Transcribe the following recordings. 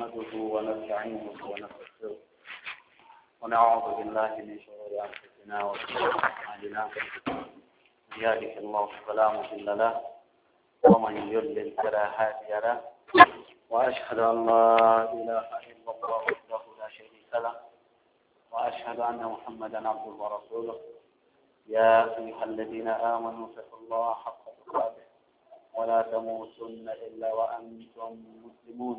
نحمده ونستعينه ونستغفره ونعوذ بالله من شرور انفسنا سيئات اعمالنا الله فلا مضل له ومن يضلل فلا هادي له واشهد ان لا اله الا الله وحده لا شريك له واشهد ان محمدا عبده ورسوله يا ايها الذين امنوا اتقوا الله حق تقاته ولا تموتن الا وانتم مسلمون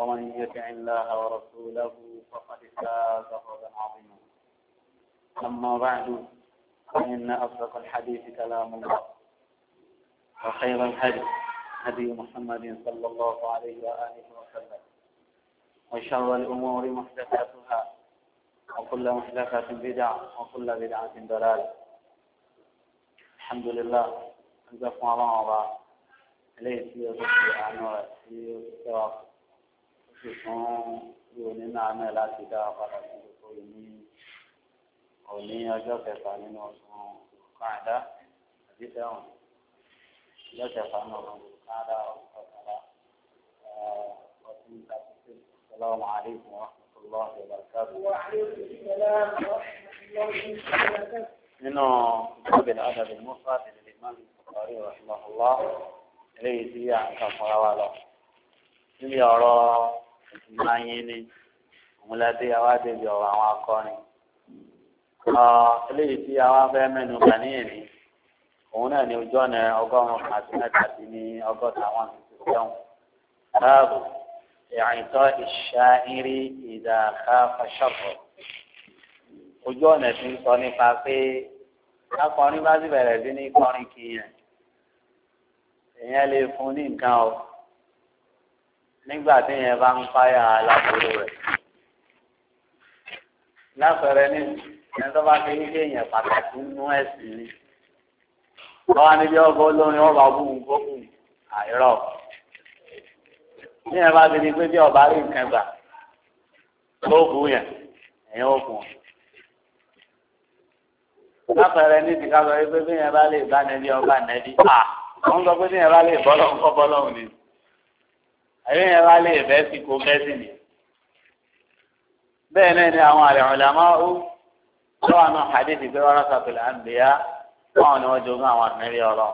ومن يطع الله ورسوله فقد فاز فوزا عظيما أما بعد فإن أصدق الحديث كلام الله وخير الهدي هدي محمد صلى الله عليه وآله وسلم وشر الأمور محدثاتها وكل محدثة بدعة وكل بدعة ضلالة الحمد لله أنزل الله عليه الصلاة والسلام sì fún òní náà náà láti dá padà sí gbogbo ìní òní ọjọ́ kẹfà nínú ọ̀sán kàdá àti sẹ́wọ̀n ọjọ́ kẹfà nínú ọ̀sán kàdá ọ̀kọ̀kọ̀dá ọ̀sán kàdá السلام عليكم ورحمة الله وبركاته وعليكم السلام ورحمة الله وبركاته nínú ìgbàgbé àdàbí mọ́fà tẹ̀lé máa ń sọ̀rọ̀ ìrọ̀lọ́lá eléyìí tí à ń kà fúnra wa lọ níbi ọ̀rọ̀ ìgbà yẹn ni òun la dé àwa débi ọ̀rọ̀ àwọn akọrin. eléyìí tí àwa fẹ́ mẹ́nu bà níyẹn ni òun náà ni ojú ọ̀nà ọgọ́rùn-ún àti mẹ́ta sí ní ọgọ́ta wọn ti sẹ́wọ̀n. báàbò ìrìntọ́ ìṣáírí ìdàkà fàṣọ̀bọ̀ ojú ọ̀nà tí ń sọ nípa pé akọrin bá sì bẹ̀rẹ̀ sí ní kọrin kìíyàn èèyàn lè fún ní nǹkan o nígbà tí yẹn bá ń fáyà aláboró rẹ̀. lápẹẹrẹ ní ẹni tó bá fi ń gé yẹn pàtàkì nínú ẹ̀sìn ni. lọ́wọ́ níbi ọgbọ́n olórin ọba búhùn gbóhùn àìrọ̀. ní yẹn bá ti di pé bí ọba rí nǹkan gbà tó bù yẹn ẹ̀yìn òkun. lápẹẹrẹ ní ti ká sọ pé bí yẹn bá lè bá nẹ́bí ọba nẹ́bí. wọ́n sọ pé bí yẹn bá lè bọ́ lọ́hùn kọ́ bọ́ lọ́hùn ni àyè yẹn bá lè bẹ́ẹ̀ sì kó bẹ́ẹ̀ sì ni bẹ́ẹ̀ náà ni àwọn àlẹ́ ọ̀lẹ́ àmọ́ ó lọ́wọ́ àná hadith ìgbé wọn rọ́ṣà pẹ̀lú àǹbíyá wọn ni wọ́n jogún àwọn àtúnyẹ̀rẹ́ ọ̀rọ̀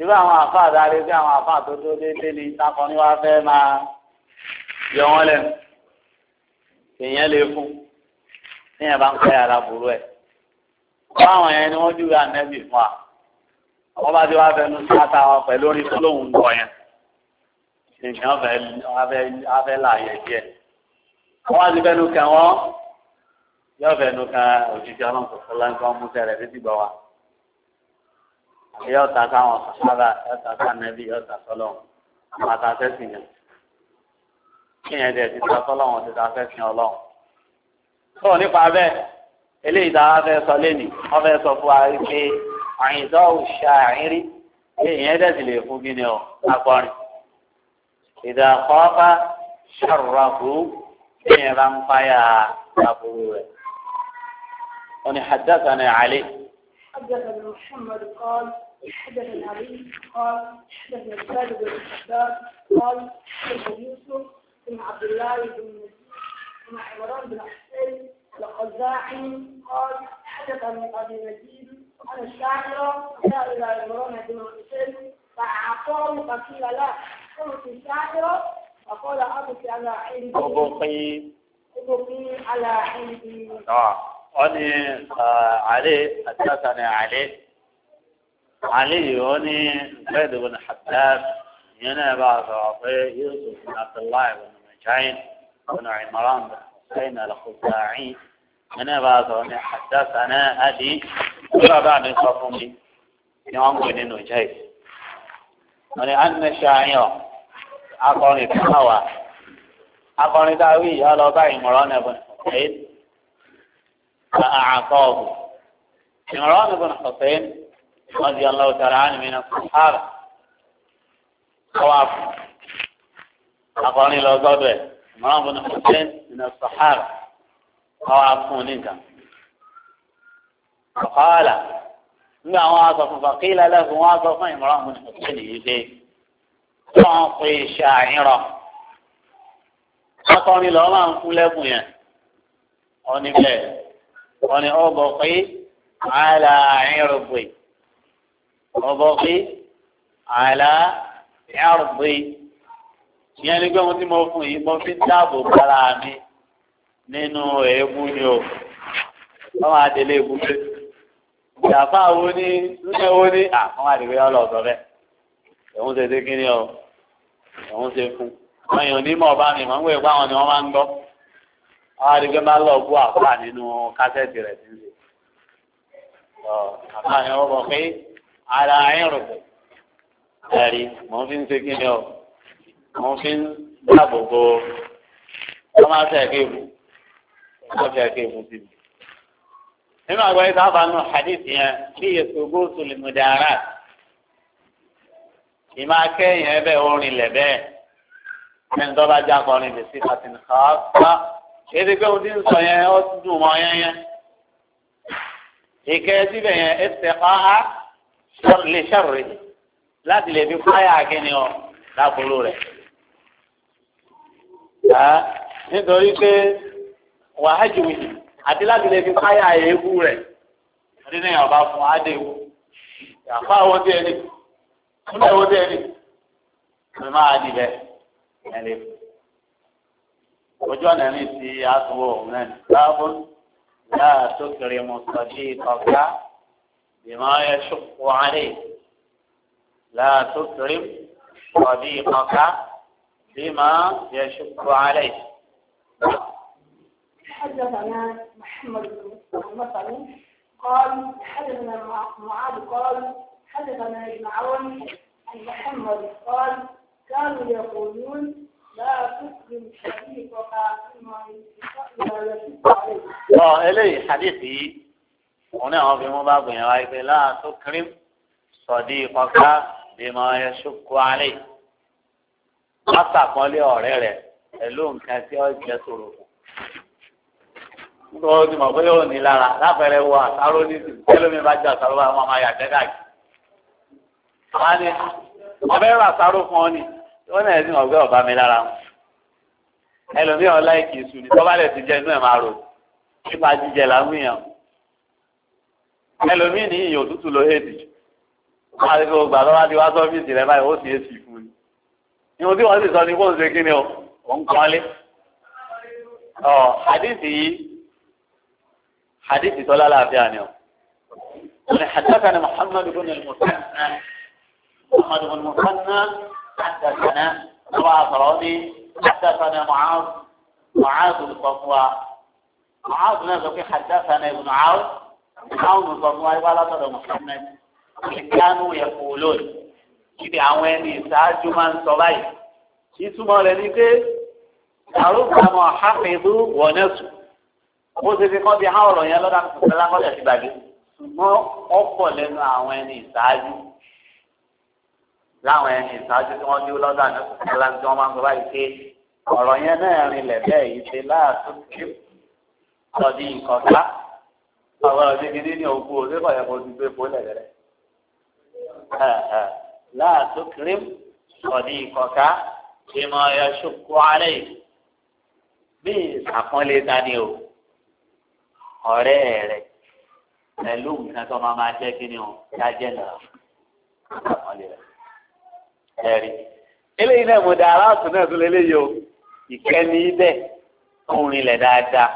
irú àwọn àfa àdáre bí àwọn àfa tó tó déédéé ni takọ ni wọ́n fẹ́ máa yọ wọn lẹ́nu èèyàn lè fún níyẹn bá ń pẹ́ ara burú ẹ̀ báwọn yẹn ni wọ́n júwe ànẹ́bì fún wa wọ́n bá ti wá fẹnu sí àtàwọn pẹ̀lú orin tó lóun ń kọ yẹn nǹkan afẹ́ láàyè díẹ̀. Àwọn àdìbẹ́nu kan wọ́n yóò fẹ́nu kan òjijì ọlọ́run kò sọ́lá ń kọ́ mú tẹ̀rẹ̀ títí gbọ́ wa. Àbí yóò ta sáwọn sábà yóò ta sánẹ́bí yóò ta sọ́lọ́run. Àwọn àtàfẹ́ sì yẹn. Kí yẹn dẹ̀ ti ta sọ́lọ́run ti ta fẹ́ sin ọlọ́run. Sọ̀rọ̀ nípa bẹ́ẹ̀ eléyìí tá a fẹ́ sọ lẹ́nu wọ́n fẹ́ sọ fún wa pé àyìndọ́ òṣà àyìnrí èèyàn dẹ̀ sì lè fún kí ni ọ akọrin. إذا خاف شره نيران فيا أبوه وني حدثنا علي حدثنا محمد قال حدثنا علي قال حدثنا سالم بن حباب قال حدثنا يوسف بن عبد الله بن بن عمران بن حسين الخزاعي قال حدثني ابي مجيد عن الشاعر جاء الى عمران بن حسين فاعطاه فقيل له أنا الشاعر على على عندي حدثني علي علي أني زيد بن حباب هنا بعض أعطيه يوسف بن عبد الله بن مجعين بن عمران بن حسين الخزاعي هنا بعض أني أنا أبي ولا بعد صفوني يوم بن نجيب ولأن الشاعر akọrin fún àwa akọrin tá a wí ìyá lọ bá ìmọ̀ràn ẹ̀bùn ẹ̀yìn àkọ́ọ̀bù ìmọ̀ràn ẹ̀bùn ọ̀sẹ̀yìn wọ́n di ọlọ́wọ́ tara á nìmí náà fún ààrẹ kọ́wá fún akọrin lọ sọ́dọ̀ ẹ̀ ìmọ̀ràn ẹ̀bùn ọ̀sẹ̀yìn nínú sàhárà kọ́wá fún nìkan ọ̀kọ́ọ̀là nígbà wọn a sọ fún fàkílà wọn a sọ fún ìmọ̀ràn ẹ̀bùn ọ̀sẹ̀yìn wọ́n pe ṣàìrọ̀ akọrin lọ́ọ́ máa ń kú lẹ́bùn yẹn wọ́n ní bẹ́ẹ̀ wọ́n ní ọ̀bọ̀ pé àlà àìrùbùi ọ̀bọ̀ pé àlà àìrùbùi ìyẹn ni pé mo ti mọ fún yìí mo fi ń dáàbò bára mi nínú èébú ni o wọ́n máa délé èébú pé ìjàpá wo ni lúlẹ̀ wo ni àwọn àdìgbé ọlọ́ọ̀dọ́ bẹ́ẹ̀ ẹ̀hún ṣe dé kíní ọ ẹ̀hún ṣe fún wọn èèyàn onímọ̀ ọba mi wọn ń wẹ̀ fáwọn ni wọ́n máa ń gbọ́ wọn máa lọ bú àpá nínú kásẹ̀tì rẹ̀ sí ṣe àpá yẹn wọ́n bọ̀ pé ara ẹ̀rù ẹ̀rí mò fi ń ṣe kíní ọ mò fi ń dáàbò bo wọ́n máa ń ṣe ẹ̀kẹ́bù wọ́n ṣe ẹ̀kẹ́bù síbi. nínú àgbáyé sábà nù hadith yẹn bí èso ìmọ̀ akẹ́yìn ẹ̀bẹ̀ orin lẹ̀ bẹ́ẹ̀ ẹni tó bá já kọrin lè sí latin kọ́ọ́kọ́ èdè pé ohun tí ń sọ yẹn ó dùn mọ́ yẹn yẹn ìkẹ́ síbẹ̀ yẹn ẹsẹ̀ ọ̀há lè ṣàròyè láti lè fi fáyà akẹ́ni ọ láàbúrò rẹ̀ nítorí pé wàhájú yìí àti láti lè fi fáyà ewu rẹ̀ nínú ìyàwó bá fún adéwu yàtọ̀ àwọn tí ẹni kúlẹ̀ wo dé ní mi máa di bẹ́ẹ̀ ẹ̀ lè ojú ọ̀nà mi ti aṣọ òun náà ní sábò náà tó kiri mu sọ̀dí kọ̀ọ̀ká bìmọ̀ ẹ̀ ṣùkú alẹ́ láà tó kiri sọ̀dí kọ̀ọ̀ká bìmọ̀ ẹ̀ ṣùkú alẹ́. حدثنا محمد بن مسلم قال حدثنا معاذ قال حدثنا العون عن محمد قال كانوا يقولون لا تسلم حديثك مما يشق عليك. اه الي حديثي هنا هو في مباب يعني لا تكرم صديقك بما يشق عليك. látàkọ́lé ọ̀rẹ́ rẹ̀ pẹ̀lú nǹkan tí ó jẹ́ tòrò fún. nítorí ó ti mọ̀ pé yóò ní lára lápẹẹrẹ wo àsáró ní ìsìn tẹ́lómi bá jẹ́ àsáró bá wọn máa yàgbẹ́ dàgbé wọ́n á ní ọbẹ̀ rà sáró fún ọ ni wọ́n náà ní ọgbẹ́ ọ̀bá mi lára wọn. ẹlòmíràn láìkì ìṣù ni tọ́balẹ̀ ti jẹ inú ẹ̀ máa rò nípa jíjẹ làwọn èèyàn. ẹlòmíràn ní ìyìn òtútù ló hèdì wọ́n á ti kó gbà lọ́wọ́ á ti wá sọ́fíìsì rẹ báyìí ó sì èsì fún ni. ìwọ̀n tí wọ́n sì sọ ni kó ń ṣe kí ni o òun kọ́lé. ọ àdìsí yìí àdìsí tọ́lá láàfin àná. حدثنا محمد بن المثنى محمد بن مثنى حدثنا أبو عفراني حدثنا معاذ معاذ بن صفوة معاذ بن حدثنا ابن عون عون بن صفوة ولا محمد كانوا يقولون ibi àwọn ẹni ìṣáájú máa ń sọ báyìí ìtumọ̀ rẹ̀ ni pé àrùkàmọ̀ àfẹ́dú wọ̀nẹ́sù ó ti fi kọ́ bí há ọ̀rọ̀ yẹn lọ́dà kùsùn lákọ́jà ti gbàgbé ṣùgbọ́n ọ̀pọ̀ lẹ́nu àwọn ẹni ìṣáájú láwọn ẹni ìṣáájú tí wọ́n dúró lọ́dọ̀ àná kòkòrò láti wọ́n máa ń sọ báyìí pé ọ̀rọ̀ yẹn náà rinlẹ̀ bẹ́ẹ̀ yìí ṣe láàtú lọ́dí nǹkan ká àwọn ọ̀dọ́ gidi ní òkú òṣèkọ̀ yẹn kò ti gbé fún lẹ̀lẹ́rẹ́ láàtú krim lọ́dí nǹkan ká ìmọ̀ ẹ̀ṣù kú alẹ́ bí ìṣàpọ́nlé dání o ọ̀rẹ́ rẹ̀ pẹ̀lú nǹkan tó máa máa jẹ́ kí ni o jájẹ́ náà ìṣàpọ́nlé rẹ̀. ẹ̀rí eléyìí náà mo da aráàtú náà tún lélẹ́yìí o ìkẹ́ni ibẹ̀ ọ̀hún ilẹ̀ dáadáa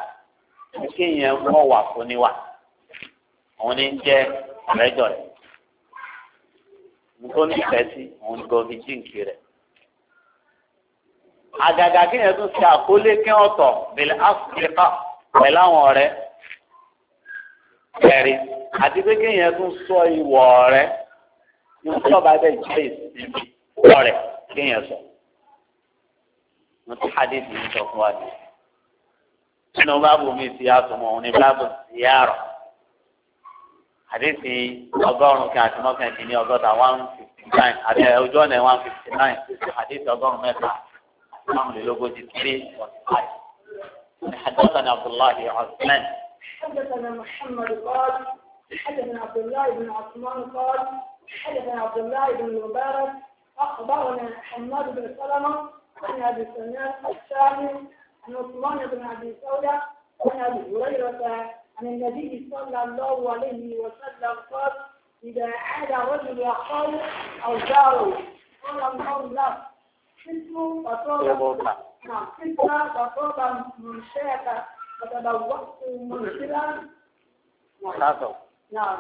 kéèyàn mọ̀ wà fún níwà òun ní jẹ́ ọ̀rẹ́jọ rẹ̀ nítorí nífẹ̀ẹ́ sí òun ní gọ́ọ̀bì jíǹkì rẹ̀ àgàgà kéèyàn tún ṣe àkólé kí ọ̀tọ̀ bẹ̀lẹ̀ áfíríkà pẹ̀lú àwọn ọ̀rẹ́ ẹ̀rí àti pé tún sọ ìwọ̀ ọ̀rẹ́ kúrọ̀ rẹ̀ kéèyàn sọ. wọ́n ti hadith yìí sọ fún wa ni. nínú báàbù mi ti àtúmọ̀ òun ni báàbù ziyarọ̀. hadith yìí ọgọ́rùn-ún kan àti mọ́kàndín ní ọgọ́ta one fifty nine àti ojú ọ̀nà one fifty nine hadith ọgọ́rùn-ún mẹ́ta márùnlélógójì three forty five. حدثنا عبد الله بن عثمان حدثنا محمد قال حدثنا عبد الله بن عثمان قال حدثنا عبد الله بن مبارك أخبرنا حماد بن سلمة عن أبي سنان الشامي عن عثمان بن أبي سودة عن أبي هريرة عن النبي صلى الله عليه وسلم قال إذا عاد رجل أخاه أو جار قال الله له فتنة فصاب نعم كنت من منشاة فتبوأت منشرا نعم, نعم.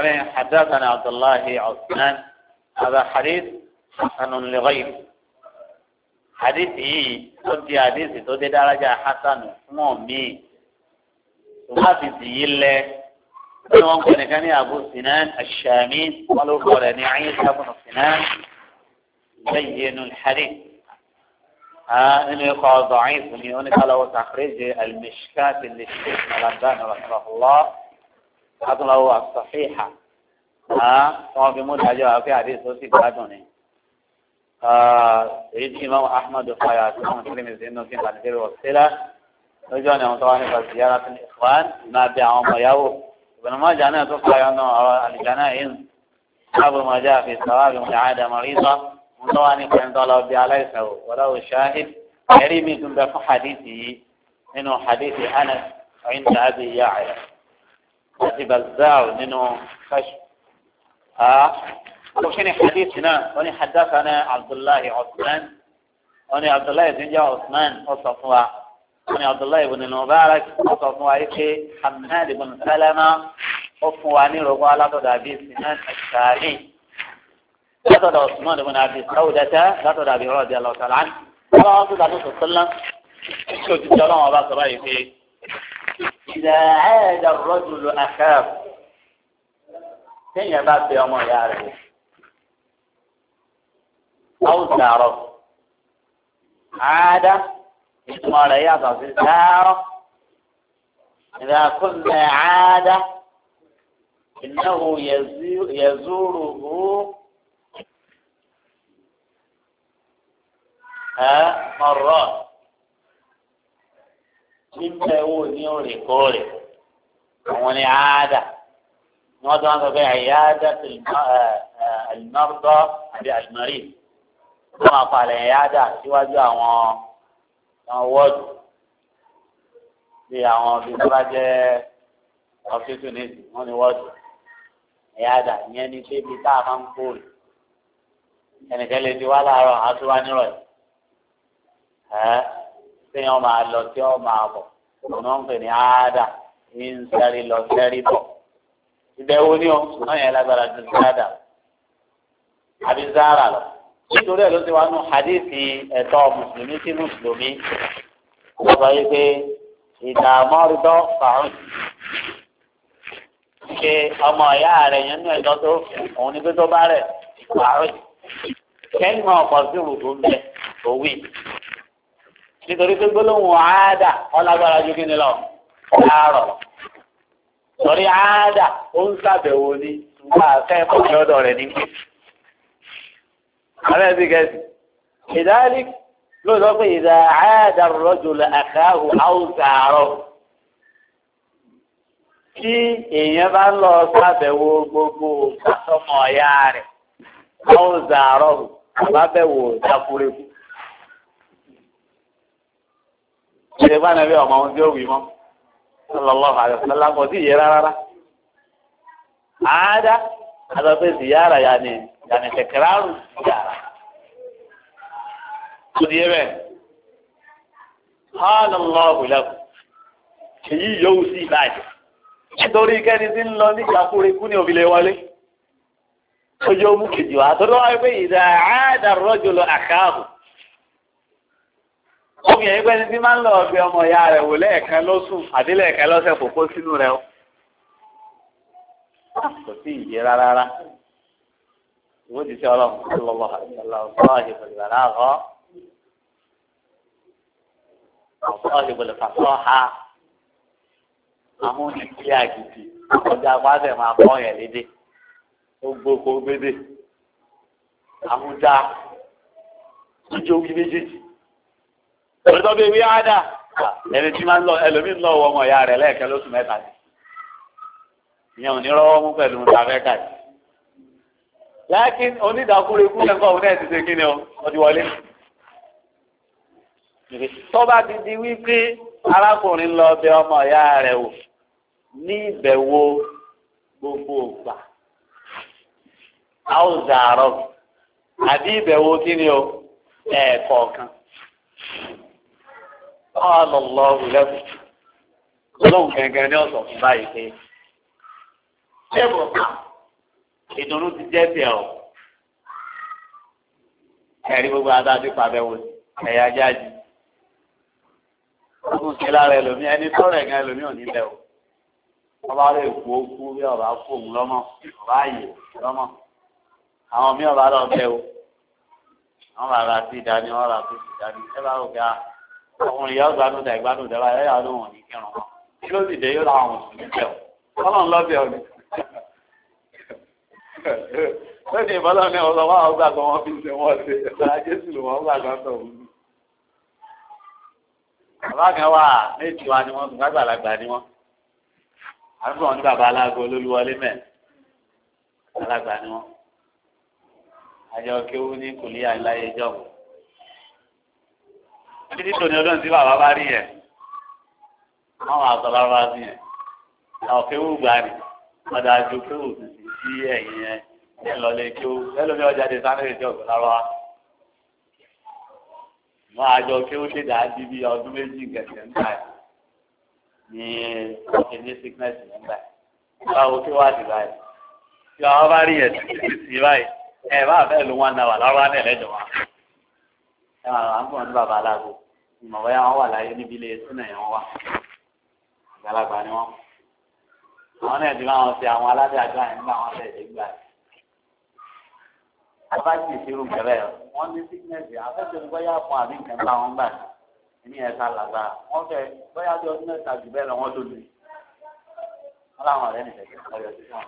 أمين حدثنا عبد الله عثمان هذا حديث حسن لغير حديثي إيه؟ تودي حديثي تودي درجة حسن مومي وما في سيلة ثم كان كان أبو سنان الشامي ولو كان عيسى بن سنان زين الحديث اني قال ضعيف اني يقال قال هو تخريج المشكات اللي الشيخ ملدان رحمه الله هذا هو الصحيح ها هو في منهج في حديث وفي قادوني عيد امام احمد وفايات امام كريم الزينو في مدير وصلة نجوان يمتوان في زيارة الاخوان ما بيع عم يو ابن ما جانا توقع انه الجنائن حب ما جاء في الصواب من عادة مريضة lọ́wọ́ كان pẹ̀ntọ́ lọ عليه سو ولو شاهد كريم من ẹ̀rí حديثي إنه حديث أنا عند أبي nínú كتب anas إنه خش ها لو شنو bazaar nínú kashu. وكان حديثنا وني حدثنا عبد الله عثمان وني عبد الله بن جاء عثمان وصفوا وني عبد الله بن المبارك وصفوا ايكي حماد بن سلمة وصفوا عني رواه على ابي سنان الشاري أخذ عثمان بن عبد السودة لطر أبي رضي الله تعالى عنه قال رسول الله صلى الله عليه وسلم إذا عاد الرجل أخاف تنيا بعد يوم يعرف أو تعرف عاد ما لا يعرف تعرف إذا قلنا عاد إنه يزوره ọ̀rọ̀ nígbà wo ní òrèkóòrè àwọn ni àádà wọ́n tó wọ́n sọ pé àyáádà àlùmọ́rọ́dọ́ àbí àlùmọ́rì wọ́n máa palẹ̀ àyáádà síwájú àwọn wọ́ọ̀dù bí àwọn bí wọ́n bá jẹ́ ọ̀fíìsì nìyí wọ́n ní wọ́ọ̀dù ẹ̀yàdà ìyẹn ní pé ibi tá a máa ń kórè ẹnìkan lè ti wá láàárọ̀ àtúwá nírọ̀lẹ́ ẹ tí wọn máa lọ tí wọn máa bọ òun náà ń pè ní áádà ní ń sẹ́rí lọ sẹ́rí bọ̀ ìbẹ̀wò ni o náà yẹn lágbára ju záàdà àbí záàrà lọ nítorí ẹ̀ ló ti wá nù hadithi ẹ̀tọ́ mùsùlùmí sí mùsùlùmí lọ́sọ yìí pé ìdààmú ọ̀rọ̀dọ́ fàáhùn ṣe ọmọ ìyá rẹ̀ yẹn nú ẹ̀dọ́ tó òun ni pé tó bá rẹ̀ fàáhùn kẹ́yìn náà kọ sí rùdú ń bẹ òwì nítorí pé gbólóhùn àádà ọlágbára ju kí ni lọ láàárọ̀ sọrí àádà ó ń ṣàbẹ̀wò ni nígbà kẹ́kọ̀ọ́ ní ọ̀dọ̀ rẹ̀ ní. ààrẹ ti ló sọ pé ìdá àádà rọ́jò àkáhù àwùsàárọ̀ tí èèyàn bá lọ ṣàbẹ̀wò gbogbo àtọmọ̀ ọ̀yá rẹ̀ àwùsàárọ̀ àbábẹ̀wò ìdákúrekú. ṣe bá nàbí ọmọ ohun tí ó wì mọ́ sallallahu alaihi wasallam kò sí yẹ rárá àádá àtọ́fẹ́ ziyara yàní yàní tẹkẹrarù yàrá tó di ẹbẹ hàn lọ́ọ̀hùn lẹ́kùn èyí yóò sí ìbàjẹ́ nítorí kẹ́ni tí ń lọ níjà kúrekú ní òbílẹ̀ wọlé ojú omu kejì wa àtọ́dọ́ wa pé ìdá àádá rọ́jò lọ àkáàbù obìnrin pẹ́ ní tí máa ń lọ ọ̀bẹ ọmọ ìyá rẹ̀ wò lẹ́ẹ̀kan lọ́sùn àbí lẹ́ẹ̀kan lọ́sẹ̀ kò kó sínú rẹ̀ o. kò sí ìyẹ rárá rá wọ́n ti sẹ́ ọlọ́run lọ́wọ́ ọlọ́run ìbòlùbà láàrọ́ ọlọ́run ìbòlùbà sọ́ha àwọn oníkílẹ̀ àgìdì ọjà pàṣẹ máa kọ́ yẹn lédè ó gbóko gbédè àmúdá ìjọ wí méjèèjì òtítọ́ bíi wí ádà ẹni tí máa ń lọ ẹlòmíín lọ wọ ọmọ ìyá rẹ̀ lẹ́ẹ̀kẹ́ lóṣù mẹ́ta ni ìyẹn ò ní rọ́wọ́ mú pẹ̀lú ta fẹ́ kà sí. láàkín onídàákúrẹ́ ikú lẹ́kọ̀ọ́ òun náà ti ṣe kíni o ó ti wọlé. tọ́ba ti di wípé arákùnrin lọ bẹ ọmọ ìyá rẹ̀ wò ní ìbẹ̀wò gbogbo ògbà a ó zàárọ̀ àbí ìbẹ̀wò kíni o ẹ̀ẹ̀kọ̀ọ̀kan qala Allahu lahu ọlọ́run gẹ̀gẹ̀ ní ọ̀sọ̀ fún báyìí pé ṣẹ́bọ̀ ìdùnnú ti jẹ́ tiẹ̀ o ẹ̀rí gbogbo adájú pàbẹ́wò ẹ̀yà jáde ó tún ṣe lára ẹlòmíì ẹni tọ́rọ̀ ẹ̀gán ẹlòmíì ò ní bẹ̀ o ọba rẹ̀ kú ó kú bí ọba kú òun lọ́mọ ọba ààyè lọ́mọ àwọn míì ọba lọ bẹ́ o wọ́n bá ra sí ìdání wọ́n ra sí ẹ bá rò pé a. Ah, àwọn ìyá ọ̀gbádùn dà ìgbádùn dà láyé àlọ́ ní kírun kí ló sì dé yóò láwọn mùsùlùmí bẹ̀ ọ́ ọlọ́run lọ́bẹ̀ ọ̀dẹ̀ lónìí ìbọ́lọ́ ní ọ̀sán wọn àwọn gbàgbọ́ wọn fi ṣe wọn ṣe ìṣẹ́ra jésù ló wọn gbàgbọ́ tó wù. bàbá kan wà méjì wa ni wọn sùn gbàgbàlagbà ni wọn àbúrò wọn ní bàbá aláàgọ olólùwọlé mẹ alágbà ni wọn àjọ kéwú ní kòlíyà ńlá yẹjọ wọn títí tòní ọdún tí bàbá bá rí yẹn wọn máa sọ bàbá sí yẹn àwọn kéwù gbà ní ọdọ àjò kéwù sí ẹ̀yìn yẹn yẹn lọlé kéwù ẹlòmí ọjà dé sáré ìjọ ìgbàlárọ wa wọn àjọ kéwù ṣe dàá di bí ọdún méjì gẹgẹ nígbà ní ọkẹ ní sickness nígbà báwo kí wàá ti báyìí tí àwọn bá rí yẹn títí sí báyìí ẹ bá fẹ́ lu wọn náà wà lọ́wọ́ á nẹ̀ lẹ́jọ̀ wa ẹ máa ń bọ̀ ní bàbá aláàbò ìmọ̀wé àwọn wà láyé níbi ilé sínú ẹ̀yàn wà àgbàlagbà ni wọn àwọn náà ti máa ń ṣe àwọn aládé àdúrà nígbà wọn fẹ́ẹ́ ṣe gbà àbájì ìṣirò kẹlẹ wọn ní sígínẹsì afẹsẹ bóyá fún àbí nǹkan bá wọn gbà ní ẹ̀ka làgbà wọn fẹ́ bóyá bí ọdún mẹ́ta jù bẹ́ẹ̀ lọ wọn lòlù wọn làwọn ọ̀rẹ́ nìkan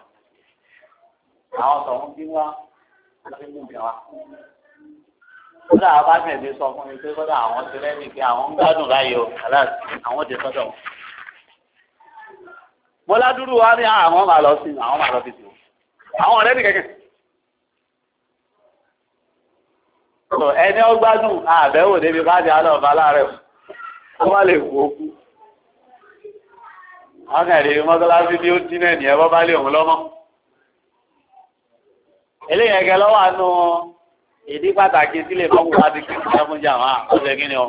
kódà àwọn bámẹ̀dé sọ fún mi pé kódà àwọn ti lẹ́nu pé àwọn ń gbádùn báyìí o aláàtì àwọn ti sọ́dọ̀ wọn. mọ́ládúró wa ní àwọn máa lọ sí àwọn máa lọ sí tìwọ́ àwọn ọ̀rẹ́ nìkẹ́kẹ́. ẹni ọgbádùn àbẹ̀wò débi bá di alọ́ọ̀bá láàárẹ̀ ó má lè kú okú. àwọn kan lè mọ́sálásí bí ó dín náà nìyẹn bọ́ bá lé òun lọ́mọ́. eléyìí lọ́wọ́ àánú wọn èdè pàtàkì sílẹ̀ fún wọn láti kíkọ́ ẹ jàmá ọ̀sẹ̀ kí ni ọ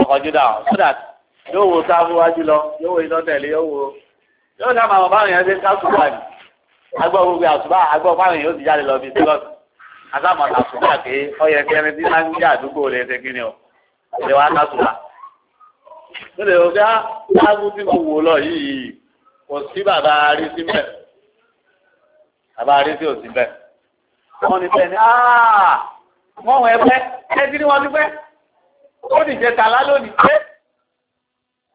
ọkọ̀jú dà ọ́ so that yóò wo sáfù wájú lọ yóò wo iná tẹ̀lé yóò wo yóò sábà àwọn báwọn yẹn ṣe ń káṣù wà agbọ́ gbogbo àtúbà agbọ́ báwọn yẹn ó ti jáde lọ bí sílọ́ọ̀sì àtàmọ̀ àtúbà pé ọyẹ kẹrin tí máa ń gbé àdúgbò rẹ̀ ṣe kí ni ọ ṣe wá káṣù wà. ó lè wọ́n ní ni àà wọ́n wọ ẹgbẹ́ ẹbí ni wọ́n ti pẹ́ ó sì jẹ tàlá lónìí pé